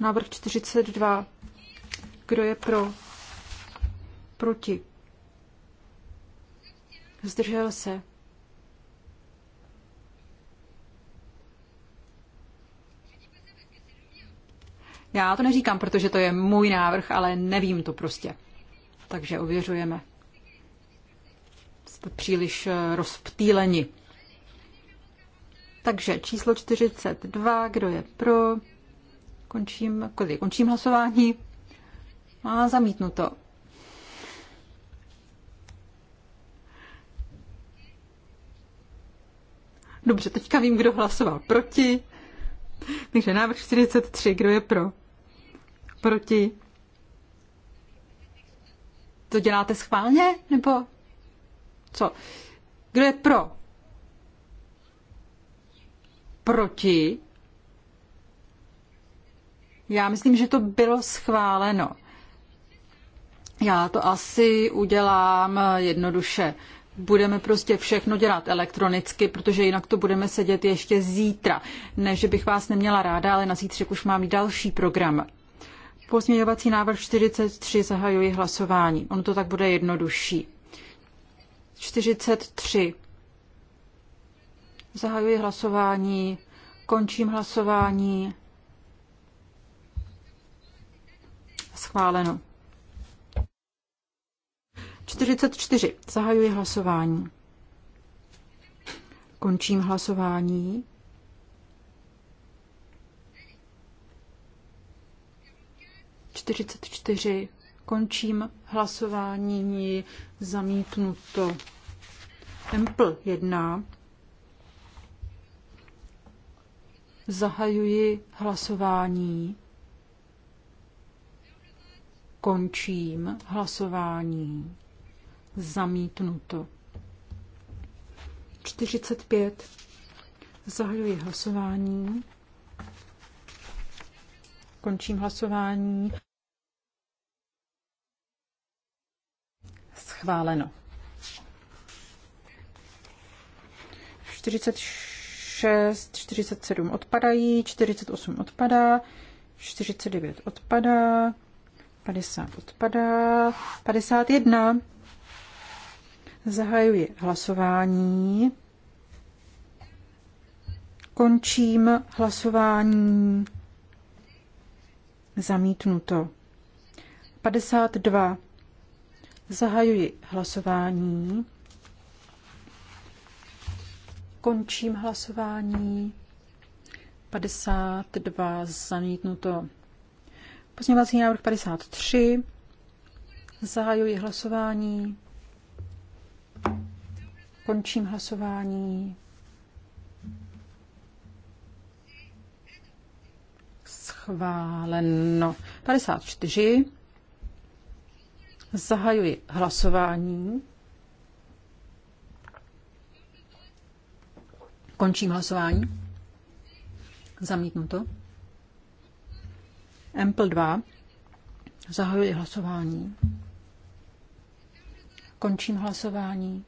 Návrh 42. Kdo je pro? Proti. Zdržel se. Já to neříkám, protože to je můj návrh, ale nevím to prostě. Takže ověřujeme. Jste příliš eh, rozptýleni. Takže číslo 42, kdo je pro? Končím, kdy končím hlasování. A zamítnuto. Dobře, teďka vím, kdo hlasoval proti. Takže návrh 43, kdo je pro? Proti? To děláte schválně? Nebo co? Kdo je pro? proti? Já myslím, že to bylo schváleno. Já to asi udělám eh, jednoduše. Budeme prostě všechno dělat elektronicky, protože jinak to budeme sedět ještě zítra. Ne, že bych vás neměla ráda, ale na zítřek už mám další program. Pozměňovací návrh 43 zahajuji hlasování. Ono to tak bude jednodušší. 43. Zahajuji hlasování. Končím hlasování. Schváleno. 44. Zahajuji hlasování. Končím hlasování. Čtyřicet čtyři. Končím hlasování. Zamítnuto. Empl jedna. Zahajuji hlasování. Končím hlasování. Zamítnuto. 45. Zahajuji hlasování. Končím hlasování. Schváleno. 46. 6, 47 odpadají, 48 odpadá, 49 odpadá, 50 odpadá, 51. Zahajuji hlasování. Končím hlasování. Zamítnuto. 52. Zahajuji hlasování. Končím hlasování. 52 zamítnuto. Pozměňovací návrh 53. Zahajuji hlasování. Končím hlasování. Schváleno. 54. Zahajuji hlasování. Končím hlasování. Zamítnuto. Ample 2. Zahajuji hlasování. Končím hlasování.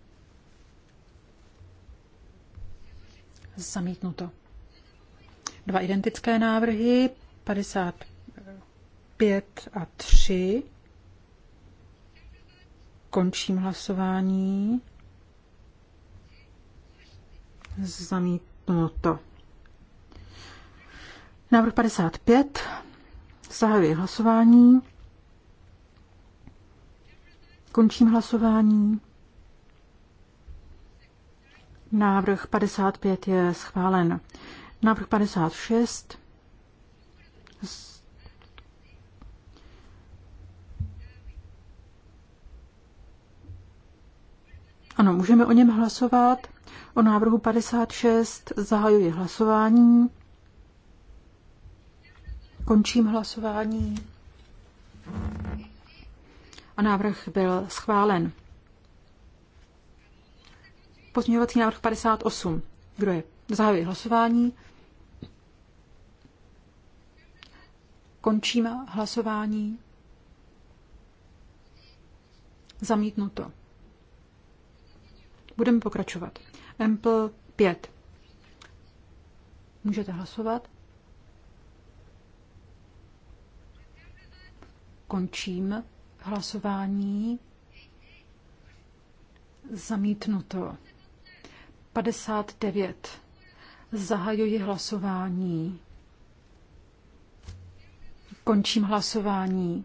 Zamítnuto. Dva identické návrhy, 55 a 3. Končím hlasování. Zamítnuto. Návrh 55. Zahajuji hlasování. Končím hlasování. Návrh 55 je schválen. Návrh 56. Ano, můžeme o něm hlasovat. O návrhu 56 zahajuji hlasování. Končím hlasování. A návrh byl schválen. Pozměňovací návrh 58. Kdo je? Zahajuji hlasování. Končím hlasování. Zamítnuto. Budeme pokračovat. Ample 5. Můžete hlasovat. Končím hlasování. Zamítnuto. 59. Zahajuji hlasování. Končím hlasování.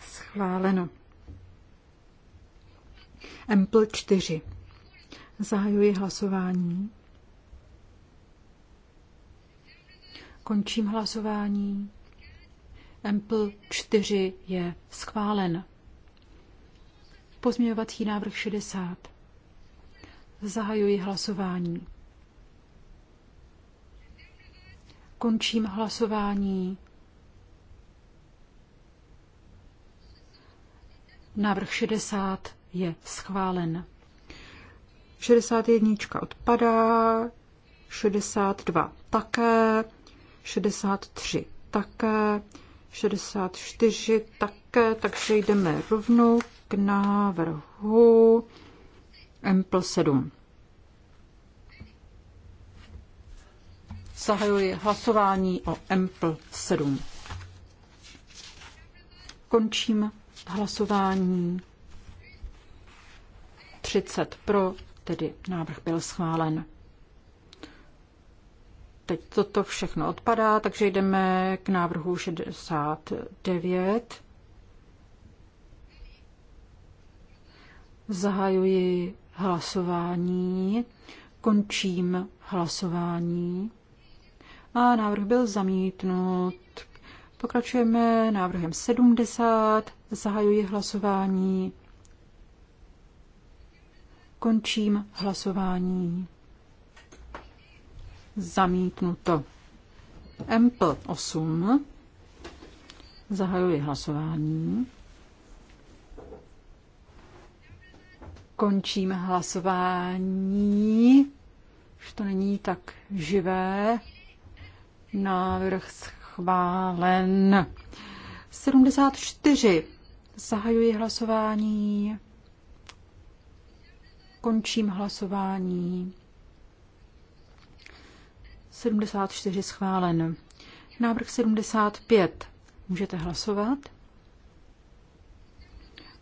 Schváleno. Empl 4. Zahajuji hlasování. Končím hlasování. Empl 4 je schválen. Pozměňovací návrh 60. Zahajuji hlasování. Končím hlasování. Návrh 60 je schválen. 61 odpadá, 62 také, 63 také, 64 také, takže jdeme rovnou k návrhu M plus 7. Zahajuji hlasování o MPL 7. Končím hlasování. 30 pro, tedy návrh byl schválen. Teď toto všechno odpadá, takže jdeme k návrhu 69. Zahajuji hlasování, končím hlasování a návrh byl zamítnut. Pokračujeme návrhem 70, zahajuji hlasování. Končím hlasování. Zamítnuto. Empl 8. Zahajuji hlasování. Končím hlasování. Už to není tak živé. Návrh schválen. 74. Zahajuji hlasování. Končím hlasování. 74 schválen. Návrh 75. Můžete hlasovat.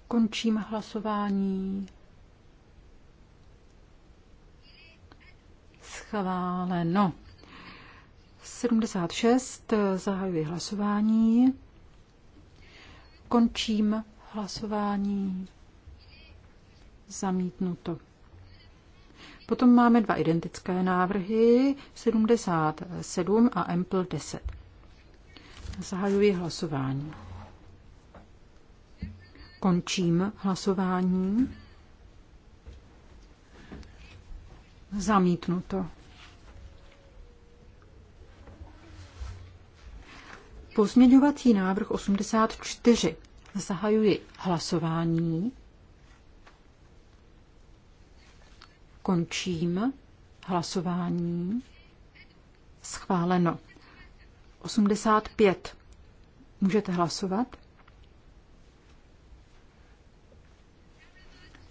Končím hlasování. Schváleno. 76. Zahajuji hlasování. Končím hlasování. Zamítnuto. Potom máme dva identické návrhy, 77 a Ample 10. Zahajuji hlasování. Končím hlasování. Zamítnuto. Pozměňovací návrh 84. Zahajuji hlasování. Končím hlasování. Schváleno. 85. Můžete hlasovat?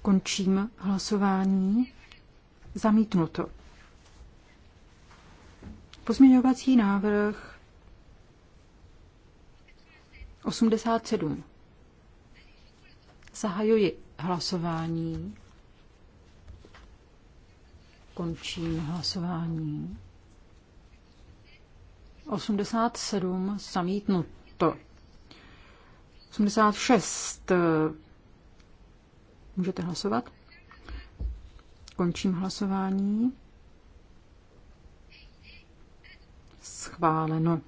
Končím hlasování. Zamítnuto. Pozměňovací návrh 87. Zahajuji hlasování. Končím hlasování. 87 samítnuto. 86. Můžete hlasovat? Končím hlasování. Schváleno.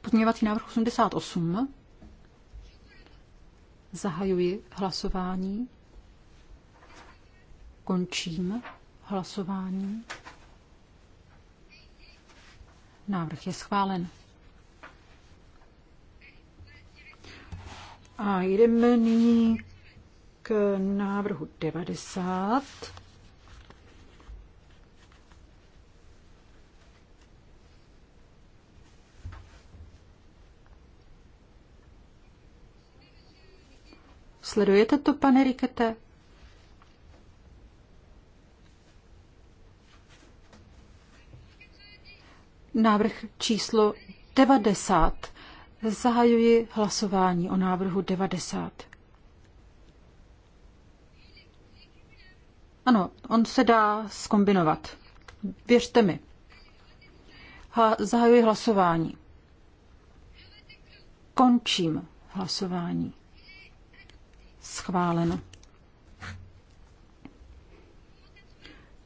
Pozměňovací návrh 88. Zahajuji hlasování. Končím hlasování. Návrh je schválen. A jdeme nyní k návrhu 90. Sledujete to, pane Rikete? Návrh číslo 90. Zahajuji hlasování o návrhu 90. Ano, on se dá skombinovat. Věřte mi. Ha, zahajuji hlasování. Končím hlasování. Schváleno.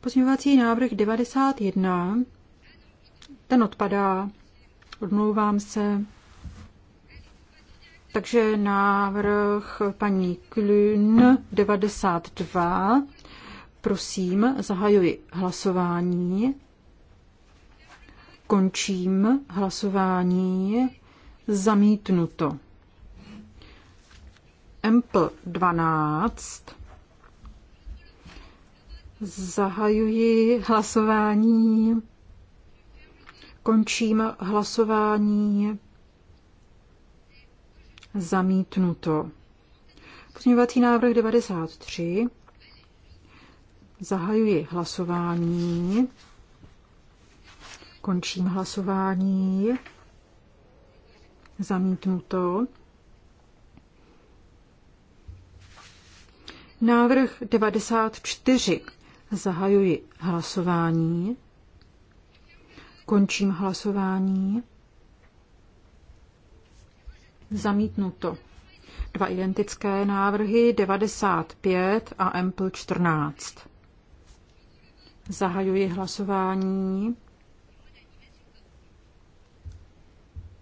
Pozměňovací návrh 91 ten odpadá. Odmlouvám se. Takže návrh paní Klün 92. Prosím, zahajuji hlasování. Končím hlasování. Zamítnuto. Empl 12. Zahajuji hlasování. Končím hlasování. Zamítnuto. Pozměňovací návrh 93. Zahajuji hlasování. Končím hlasování. Zamítnuto. Návrh 94. Zahajuji hlasování. Končím hlasování. Zamítnuto. Dva identické návrhy 95 a MPL 14. Zahajuji hlasování.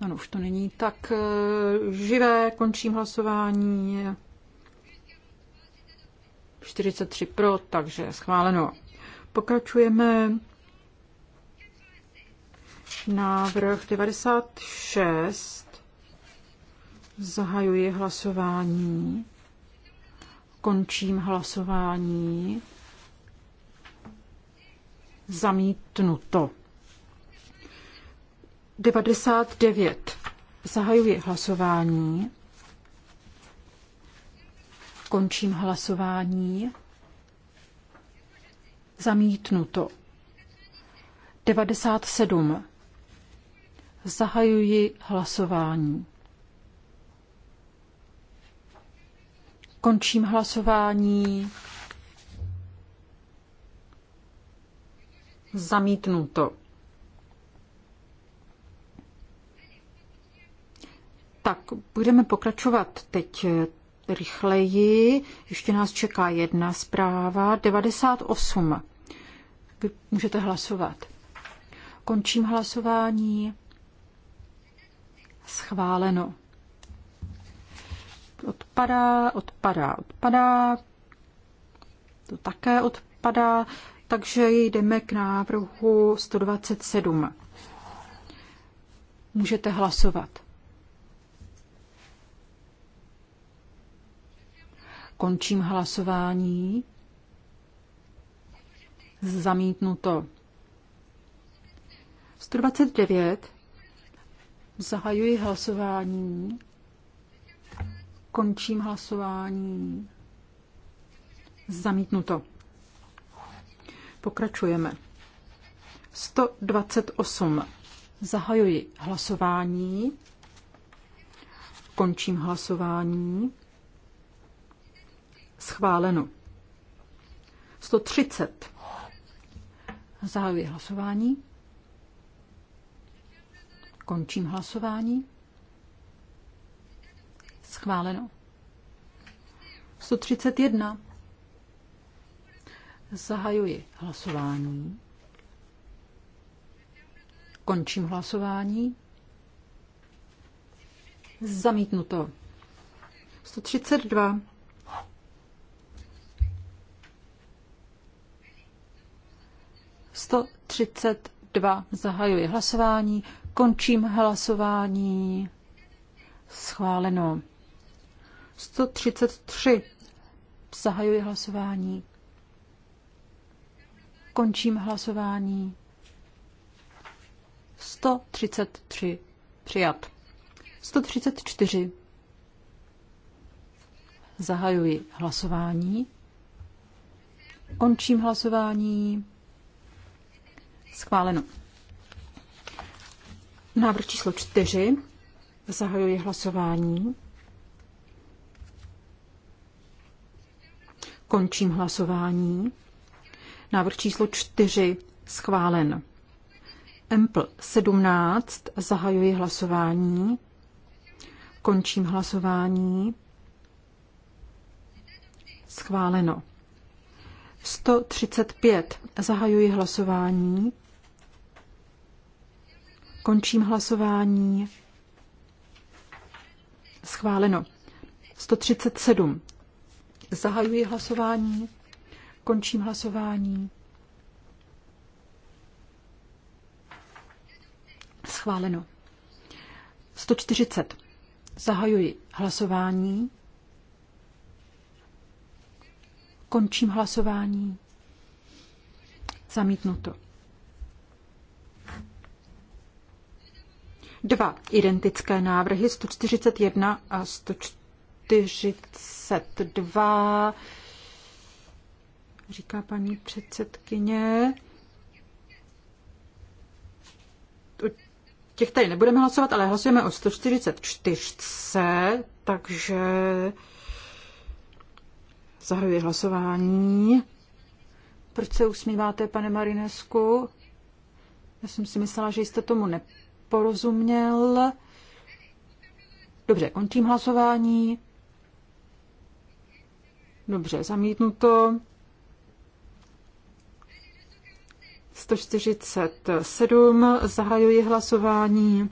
Ano, už to není tak eh, živé. Končím hlasování. 43 pro, takže schváleno. Pokračujeme Návrh 96. Zahajuji hlasování. Končím hlasování. Zamítnuto. 99. Zahajuji hlasování. Končím hlasování. Zamítnuto. 97. Zahajuji hlasování. Končím hlasování. Zamítnuto. Tak, budeme pokračovat teď rychleji. Ještě nás čeká jedna zpráva. 98. Můžete hlasovat. Končím hlasování schváleno. Odpadá, odpadá, odpadá. To také odpadá, takže jdeme k návrhu 127. Můžete hlasovat. Končím hlasování. Zamítnuto. 129 Zahajuji hlasování. Končím hlasování. Zamítnuto. Pokračujeme. 128. Zahajuji hlasování. Končím hlasování. Schváleno. 130. Zahajuji hlasování. Končím hlasování. Schváleno. 131. Zahajuji hlasování. Končím hlasování. Zamítnuto. 132. Sto třicet dva. Zahajuji hlasování. Končím hlasování. Schváleno. 133. Zahajuji hlasování. Končím hlasování. 133. Přijat. 134. Zahajuji hlasování. Končím hlasování. Schváleno. Návrh číslo čtyři Zahajuji hlasování. Končím hlasování. Návrh číslo čtyři schválen. Empl 17. Zahajuji hlasování. Končím hlasování. Schváleno. 135. Zahajuji hlasování. Končím hlasování. Schváleno. 137. Zahajuji hlasování. Končím hlasování. Schváleno. 140. Zahajuji hlasování. Končím hlasování. Zamítnuto. Dva identické návrhy 141 a 142, říká paní předsedkyně. Těch tady nebudeme hlasovat, ale hlasujeme o 144, takže zahajuji hlasování. Proč se usmíváte, pane Marinesku? Já jsem si myslela, že jste tomu ne porozuměl. Dobře, končím hlasování. Dobře, zamítnuto. 147, zahajuji hlasování.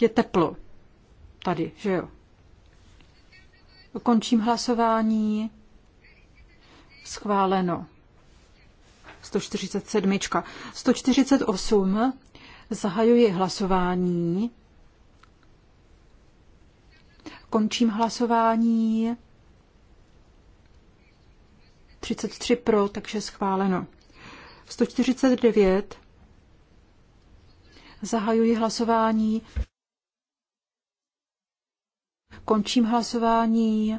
Je teplo. Tady, že jo? Končím hlasování. Schváleno. 147. 148. Zahajuji hlasování. Končím hlasování. 33 pro, takže schváleno. 149. Zahajuji hlasování. Končím hlasování.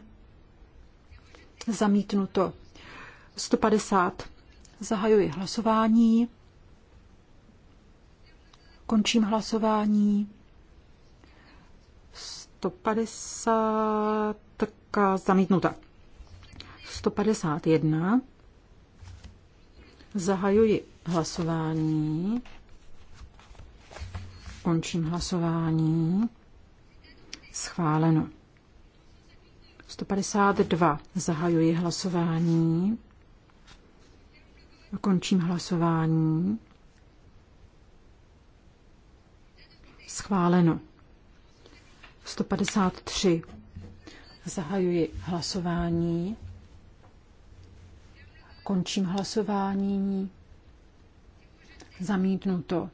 Zamítnuto. 150. Zahajuji hlasování. Končím hlasování. 150 eh, zamítnuta. 151. Zahajuji hlasování. Končím hlasování. Schváleno. 152. Zahajuji hlasování. Končím hlasování. Schváleno. 153. Zahajuji hlasování. Končím hlasování. Zamítnuto.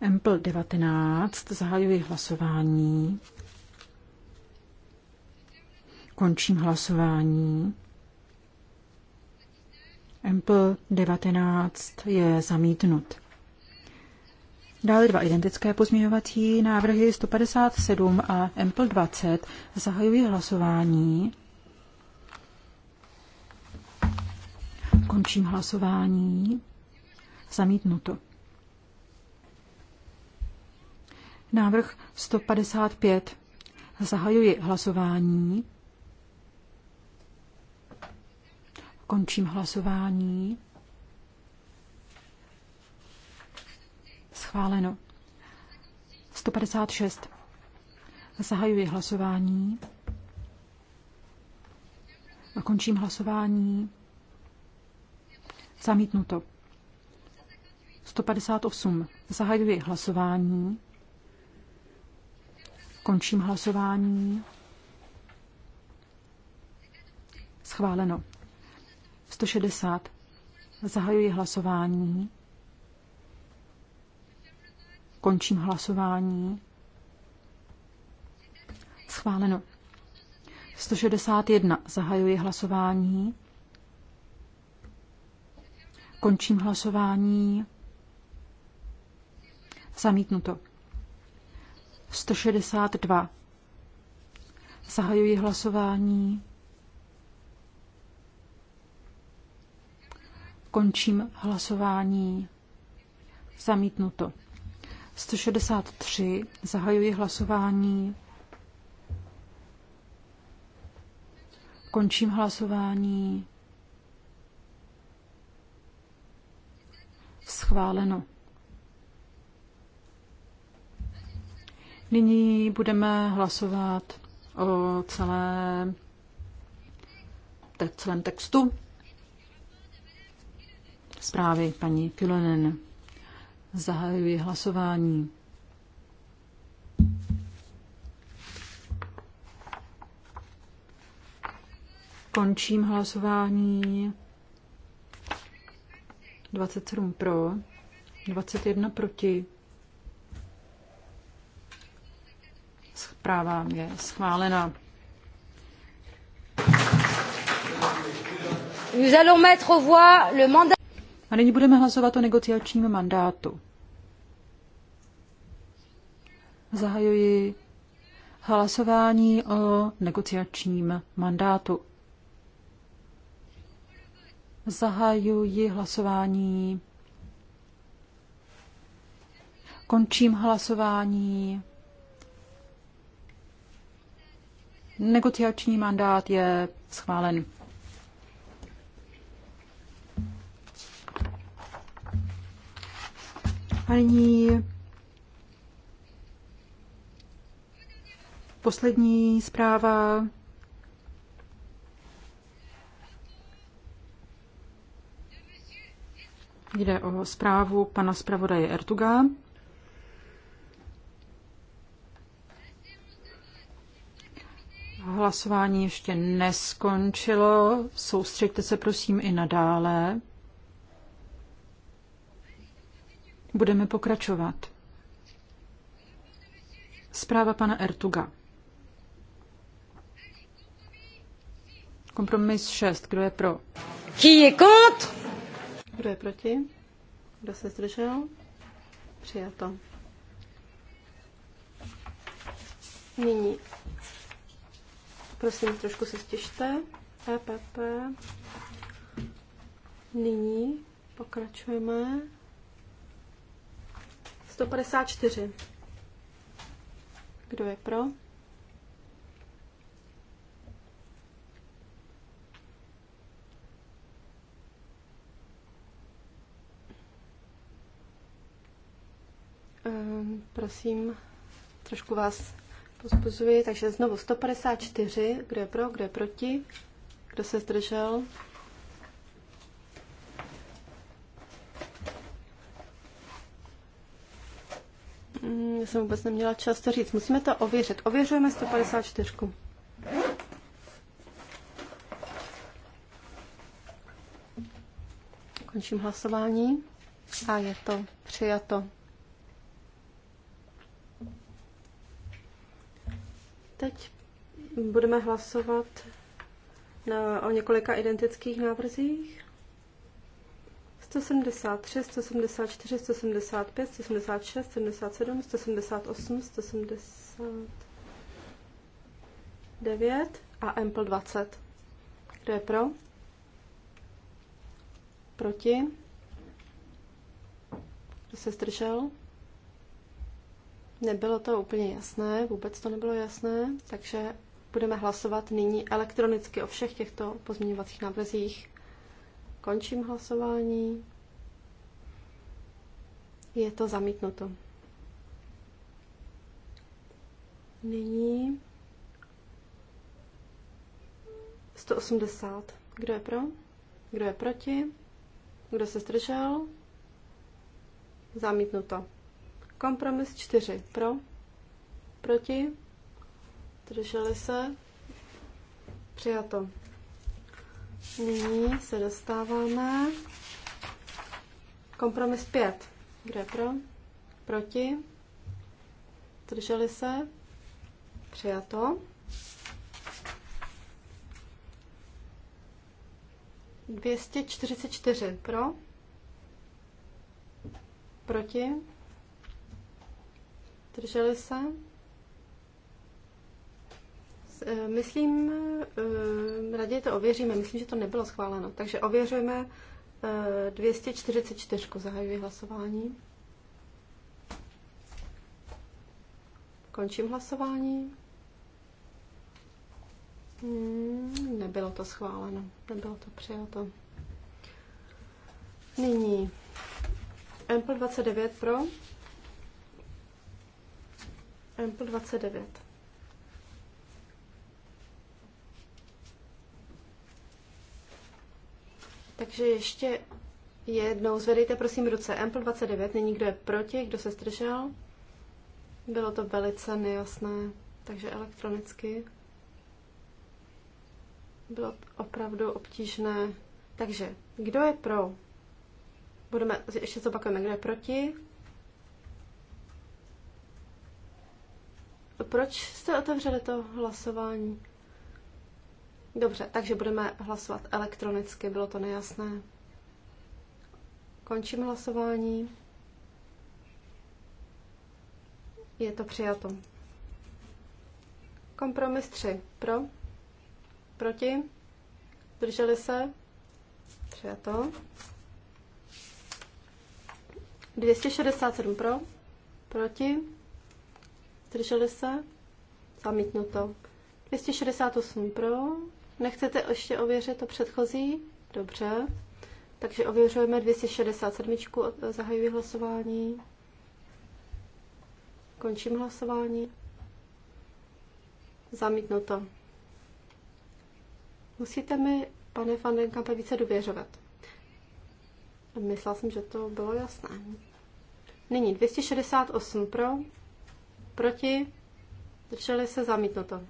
Empl 19. Zahajuji hlasování. Končím hlasování. Ample 19 je zamítnut. Dále dva identické pozměňovací návrhy 157 a Ample 20 zahajují hlasování. Končím hlasování. Zamítnuto. Návrh 155. Zahajuji hlasování. Končím hlasování. Schváleno. 156. Zahajuji hlasování. A končím hlasování. Zamítnuto. 158. Zahajuji hlasování. Končím hlasování. Schváleno. 160. Zahajuji hlasování. Končím hlasování. Schváleno. 161. Zahajuji hlasování. Končím hlasování. Zamítnuto. 162. Zahajuji hlasování. Končím hlasování. Zamítnuto. 163. Zahajuji hlasování. Končím hlasování. Schváleno. Nyní budeme hlasovat o celé, celém textu zprávy paní Kylonen. Zahajuji hlasování. Končím hlasování. 27 pro, 21 proti. Zpráva je schválena. Nous allons mettre au voie le mandat. A nyní budeme hlasovat o negociačním mandátu. Zahajuji hlasování o negociačním mandátu. Zahajuji hlasování. Končím hlasování. Negociační mandát je schválen. Ani poslední zpráva. Jde o zprávu pana zpravodaje Ertuga. Hlasování ještě neskončilo. Soustřeďte se prosím i nadále. Budeme pokračovat. Zpráva pana Ertuga. Kompromis 6. Kdo je pro? Kdo je proti? Kdo se zdržel? Přijato. Nyní. Prosím, trošku se stěžte. EPP. Nyní pokračujeme. 154. Kdo je pro? Ehm, prosím, trošku vás pozbuzuji. Takže znovu 154, kdo je pro, kdo je proti, kdo se zdržel, Mm, jsem vůbec neměla čas to říct. Musíme to ověřit. Ověřujeme 154. Končím hlasování a je to přijato. Teď budeme hlasovat na, o několika identických návrzích. 176, 174, 175, 176, 177, 178, 179 a Ample 20. Kdo je pro? Proti? Kdo se zdržel? Nebylo to úplně jasné, vůbec to nebylo jasné, takže budeme hlasovat nyní elektronicky o všech těchto pozměňovacích návrzích. Končím hlasování. Je to zamítnuto. Nyní 180. Kdo je pro? Kdo je proti? Kdo se zdržel? Zamítnuto. Kompromis 4. Pro? Proti? Drželi se? Přijato. Nyní se dostáváme kompromis 5. Kde pro? Proti? Drželi se? Přijato. Dvěstě čtyřicet čtyři. pro, proti, drželi se, Eh, myslím, eh, raději to ověříme, myslím, že to nebylo schváleno. Takže ověřujeme 244, eh, zahajuji hlasování. Končím hlasování. Hmm, nebylo to schváleno, nebylo to přijato. Nyní MP29 pro. MP29. Takže ještě jednou zvedejte prosím ruce. Ample 29, není kdo je proti, kdo se zdržel. Bylo to velice nejasné, takže elektronicky. Bylo opravdu obtížné. Takže, kdo je pro? Budeme, ještě zopakujeme, kdo je proti? Proč jste otevřeli to hlasování? Dobře, takže budeme hlasovat elektronicky, bylo to nejasné. Končím hlasování. Je to přijato. Kompromis 3. Pro? Proti? Drželi se? Přijato. 267 pro? Proti? Drželi se? Zamítnuto. 268 pro? Nechcete ještě ověřit to předchozí? Dobře. Takže ověřujeme 267. Zahajuji hlasování. Končím hlasování. Zamítnuto. Musíte mi, pane van více důvěřovat. Myslela jsem, že to bylo jasné. Nyní 268 pro, proti, drželi se zamítnuto.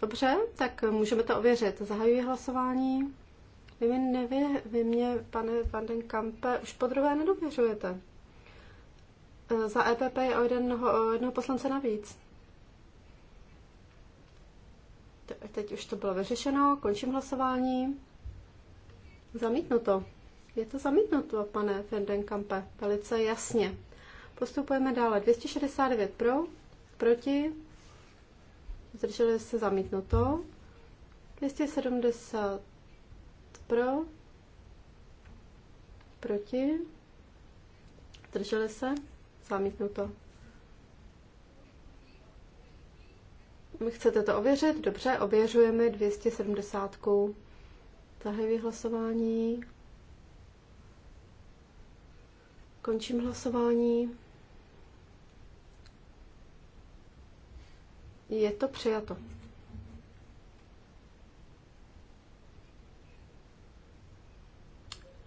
Dobře, tak můžeme to ověřit. Zahajuji hlasování. Vy mi nevě, vy mě, pane Van den Kampe, už podruhé nedověřujete. E, za EPP je o, jeden, o jednoho poslance navíc. Teď už to bylo vyřešeno, končím hlasování. Zamítnuto. Je to zamítnuto, pane Fendenkampe, velice jasně. Postupujeme dále. 269 pro, proti, zdrželi se zamítnuto. 270 pro, proti, zdrželi se zamítnuto. Chcete to ověřit? Dobře, ověřujeme 270. Zahajuji hlasování. Končím hlasování. Je to přijato.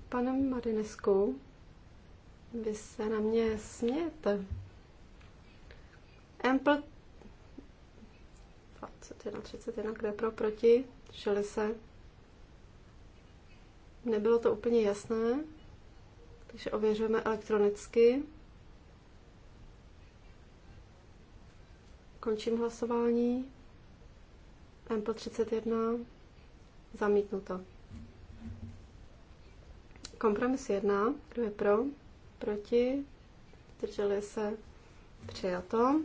Pane Marinesku, vy se na mě smějete. Ample 21, 31, kde pro, proti, šeli se. Nebylo to úplně jasné, takže ověřujeme elektronicky. Končím hlasování. Ample 31. Zamítnuto. Kompromis 1. Kdo je pro? Proti? Drželi se? Přijato.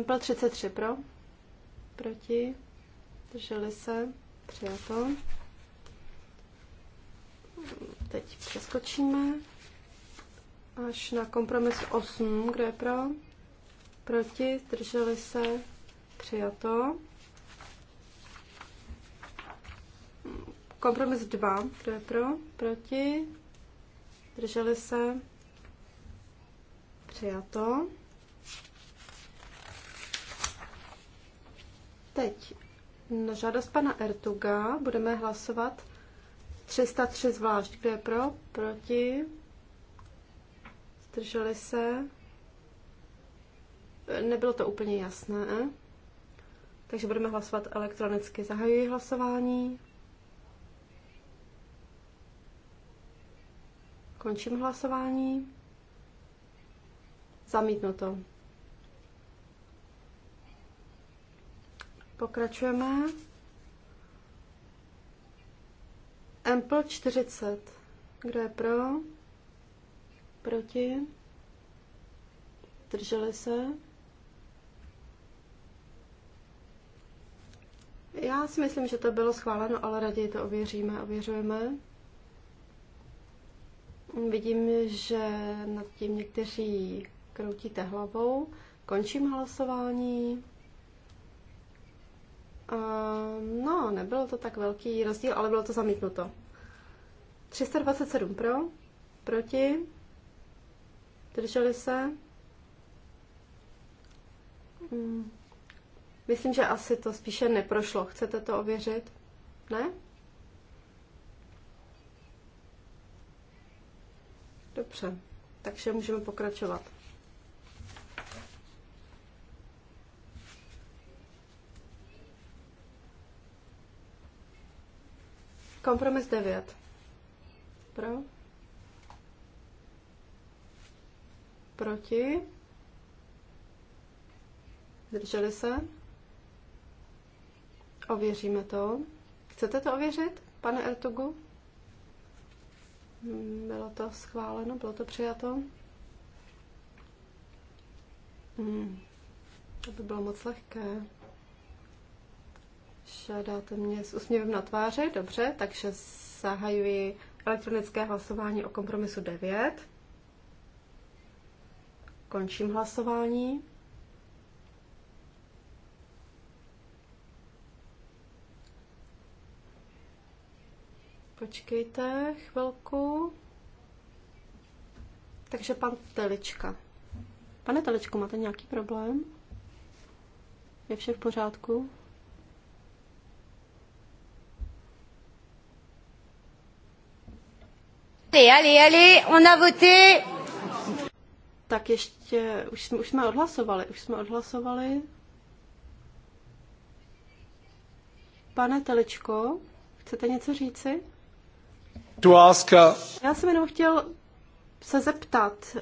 mp 33 pro? Proti? Drželi se? Přijato. Teď přeskočíme až na kompromis 8. Kdo je pro? proti, zdrželi se, přijato. Kompromis 2, kdo je pro, proti, zdrželi se, přijato. Teď na žádost pana Ertuga budeme hlasovat 303 zvlášť. Kdo je pro? Proti? Zdrželi se? Nebylo to úplně jasné. Takže budeme hlasovat elektronicky. Zahajuji hlasování. Končím hlasování. to. Pokračujeme. Ample 40. Kdo je pro? Proti? Drželi se? Já si myslím, že to bylo schváleno, ale raději to ověříme, ověřujeme. Vidím, že nad tím někteří kroutíte hlavou. Končím hlasování. no, nebylo to tak velký rozdíl, ale bylo to zamítnuto. 327 pro, proti, drželi se. Hmm. Myslím, že asi to spíše neprošlo. Chcete to ověřit? Ne? Dobře, takže můžeme pokračovat. Kompromis 9. Pro. Proti. Drželi se. Ověříme to. Chcete to ověřit, pane Ertugu? Hmm, bylo to schváleno, bylo to přijato? Hmm. To by bylo moc lehké. Žádáte mě s úsměvem na tváři, dobře, takže zahajuji elektronické hlasování o kompromisu 9. Končím hlasování. počkejte chvilku. Takže pan Telička. Pane Teličko, máte nějaký problém? Je vše v pořádku? Allez, allez, on a voté. Tak ještě, už jsme, už jsme odhlasovali, už jsme odhlasovali. Pane Teličko, chcete něco říci? Uh, Já jsem jenom chtěl se zeptat,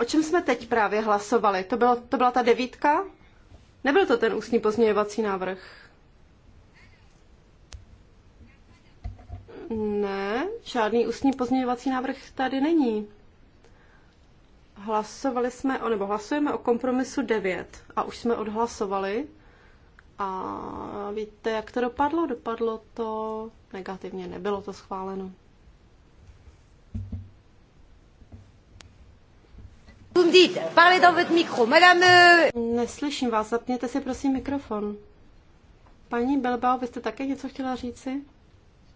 o čem jsme teď právě hlasovali? To, bylo, to byla ta devítka? Nebyl to ten ústní pozměňovací návrh? Ne, žádný ústní pozměňovací návrh tady není. Hlasovali jsme, o, nebo hlasujeme o kompromisu 9 a už jsme odhlasovali. A víte, jak to dopadlo? Dopadlo to negativně, nebylo to schváleno. Euh, Neslyším vás, zapněte si prosím mikrofon. Paní Bilbao, vy jste také něco chtěla říci?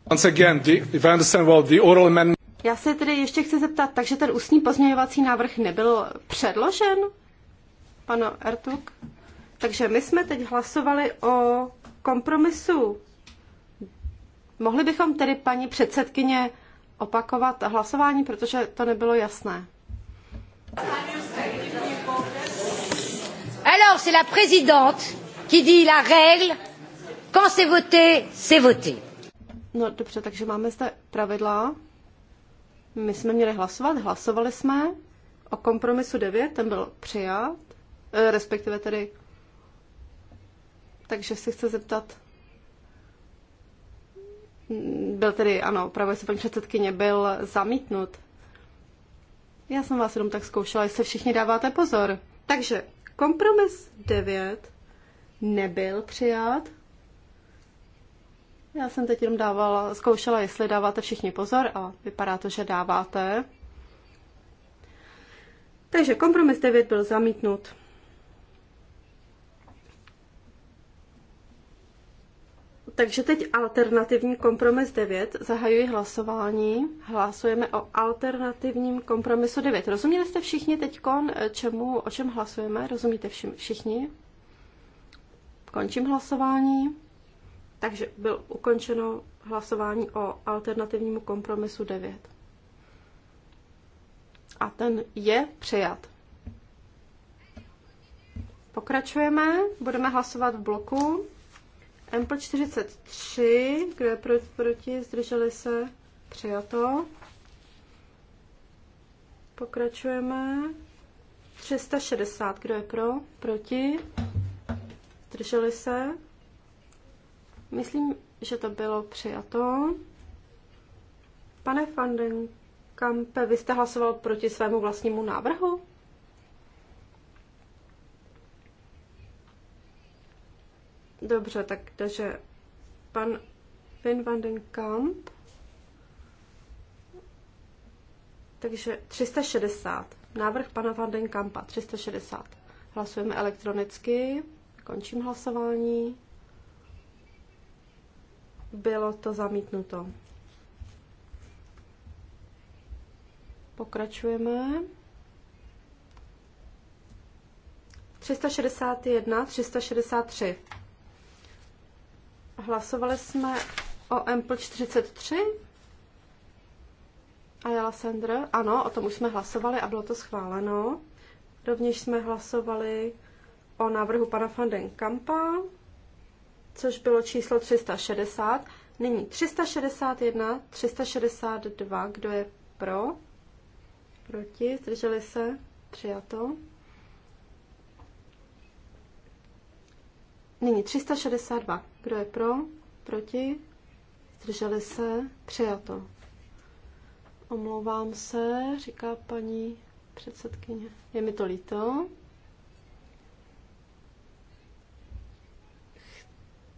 Once again, the, if I understand well, the oral amendment... Já se tedy ještě chci zeptat, takže ten ústní pozměňovací návrh nebyl předložen, pano Ertuk? Takže my jsme teď hlasovali o kompromisu Mohli bychom tedy paní předsedkyně opakovat hlasování, protože to nebylo jasné. Alors, c'est la présidente qui dit la règle. Quand c'est voté, c'est voté. No dobře, takže máme zde pravidla. My jsme měli hlasovat, hlasovali jsme o kompromisu 9, ten byl přijat, eh, respektive tedy. Takže si chci zeptat, byl tedy, ano, právě se paní předsedkyně, byl zamítnut. Já jsem vás jenom tak zkoušela, jestli všichni dáváte pozor. Takže kompromis 9 nebyl přijat. Já jsem teď jenom dávala, zkoušela, jestli dáváte všichni pozor a vypadá to, že dáváte. Takže kompromis 9 byl zamítnut. Takže teď alternativní kompromis 9. Zahajuji hlasování. Hlasujeme o alternativním kompromisu 9. Rozuměli jste všichni teď, o čem hlasujeme? Rozumíte všim, všichni? Končím hlasování. Takže byl ukončeno hlasování o alternativnímu kompromisu 9. A ten je přijat. Pokračujeme, budeme hlasovat v bloku Ample 43, kdo je pro, proti, zdrželi se, přijato. Pokračujeme. 360, kdo je pro, proti, zdrželi se. Myslím, že to bylo přijato. Pane Fandenkampe, vy jste hlasoval proti svému vlastnímu návrhu? Dobře, tak takže pan Vin van den Kamp. Takže 360. Návrh pana van den Kampa 360. Hlasujeme elektronicky. Končím hlasování. Bylo to zamítnuto. Pokračujeme. 361, 363. Hlasovali jsme o Ample 43? Ayala Sandra? Ano, o tom už jsme hlasovali a bylo to schváleno. Rovněž jsme hlasovali o návrhu pana van den Kampa, což bylo číslo 360. Nyní 361, 362, kdo je pro? Proti, zdrželi se, přijato. Nyní 362. Kdo je pro? Proti? Zdrželi se? Přijato. Omlouvám se, říká paní předsedkyně. Je mi to líto.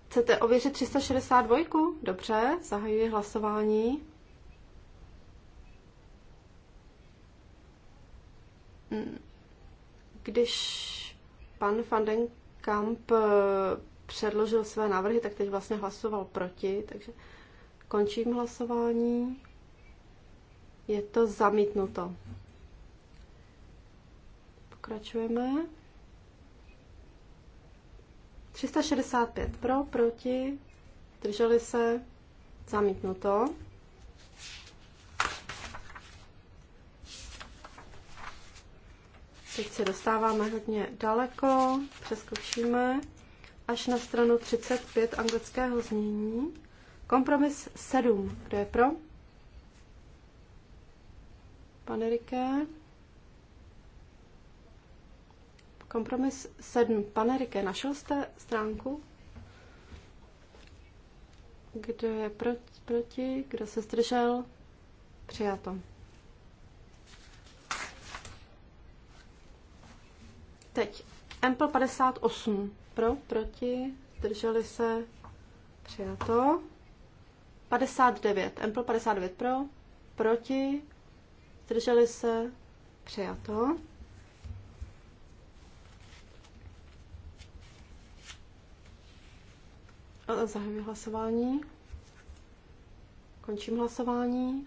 Chcete ověřit 362? Dobře, zahajuji hlasování. Hm, když pan Fanden Kamp eh, předložil své návrhy, tak teď vlastně hlasoval proti, takže končím hlasování. Je to zamítnuto. Pokračujeme. 365 pro, proti, drželi se, zamítnuto. Teď se dostáváme hodně daleko, přeskočíme až na stranu 35 anglického znění. Kompromis 7. Kdo je pro? Pane Rike? Kompromis 7. Pane Rike, našel jste stránku? Kdo je proti? Kdo se zdržel? Přijatom. Teď Ample 58. Pro, proti, drželi se, přijato. 59. Ample 59 pro, proti, drželi se, přijato. Zahajuji hlasování. Končím hlasování.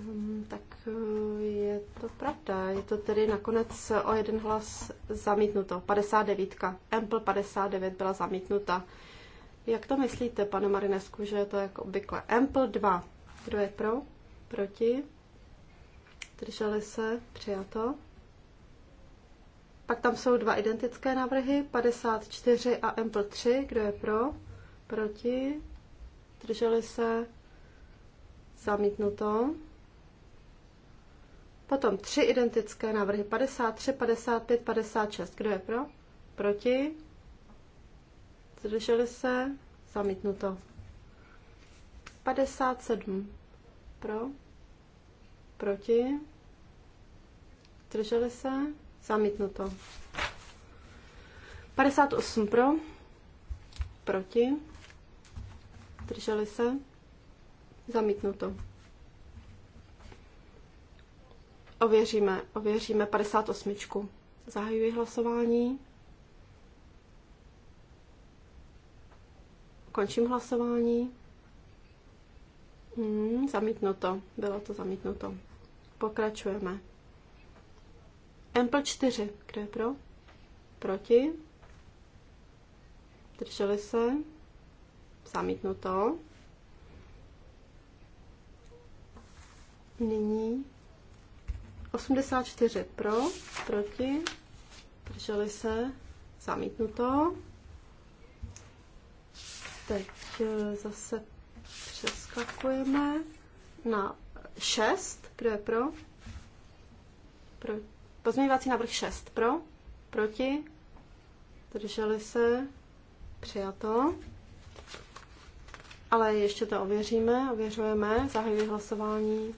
Mm, tak eh, je to pravda. Je to tedy nakonec o jeden hlas zamítnuto. 59. Ample 59 byla zamítnuta. Jak to myslíte, pane Marinesku, že je to jako obvykle? Ample 2. Kdo je pro? Proti? Drželi se? Přijato? Pak tam jsou dva identické návrhy, 54 a Ample 3. Kdo je pro? Proti? Drželi se? Zamítnuto. Potom tři identické návrhy 53, 55, 56. Kdo je pro? Proti? Zdrželi se? Zamítnuto. 57. Pro? Proti? Zdrželi se? Zamítnuto. 58 pro? Proti? Zdrželi se? Zamítnuto. Ověříme, ověříme 58. Zahajuji hlasování. Končím hlasování. Hmm, zamítnuto, bylo to zamítnuto. Pokračujeme. Mpl 4, kdo je pro? Proti. Drželi se. Zamítnuto. Nyní 84 pro, proti, drželi se, zamítnuto. Teď eh, zase přeskakujeme na 6, kdo je pro? pro pozměňovací návrh 6 pro, proti, drželi se, přijato. Ale ještě to ověříme, ověřujeme, zahajuji hlasování.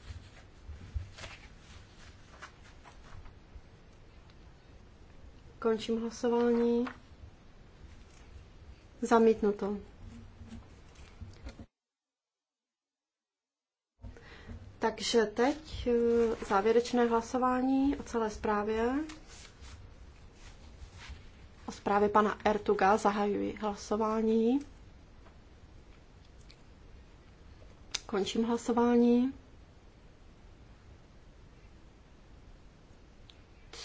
Končím hlasování. Zamítnuto. Takže teď eh, závěrečné hlasování o celé zprávě. O zprávě pana Ertuga zahajuji hlasování. Končím hlasování.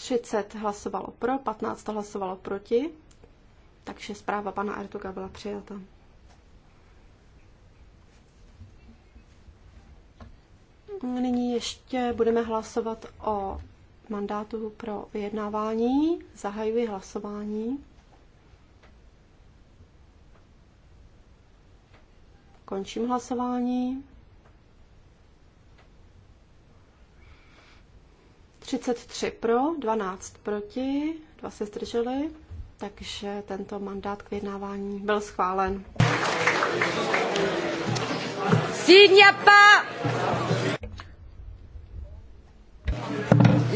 30 hlasovalo pro, 15 hlasovalo proti, takže zpráva pana Ertuga byla přijata. Nyní ještě budeme hlasovat o mandátu pro vyjednávání. Zahajuji hlasování. Končím hlasování. 33 pro, 12 proti, dva se zdrželi, takže tento mandát k vyjednávání byl schválen. Signapa!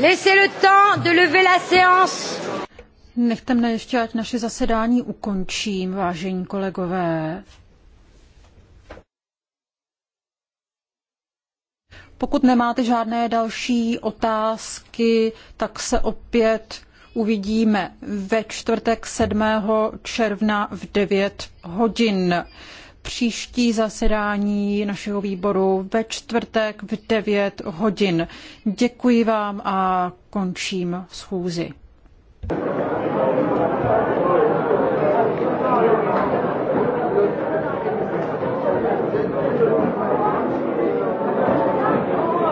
Laissez le temps de lever la séance. Nechte mne ještě, ať naše zasedání ukončím, vážení kolegové. Pokud nemáte žádné další otázky, tak se opět uvidíme ve čtvrtek 7. června v 9 hodin. Příští zasedání našeho výboru ve čtvrtek v 9 hodin. Děkuji vám a končím schůzi.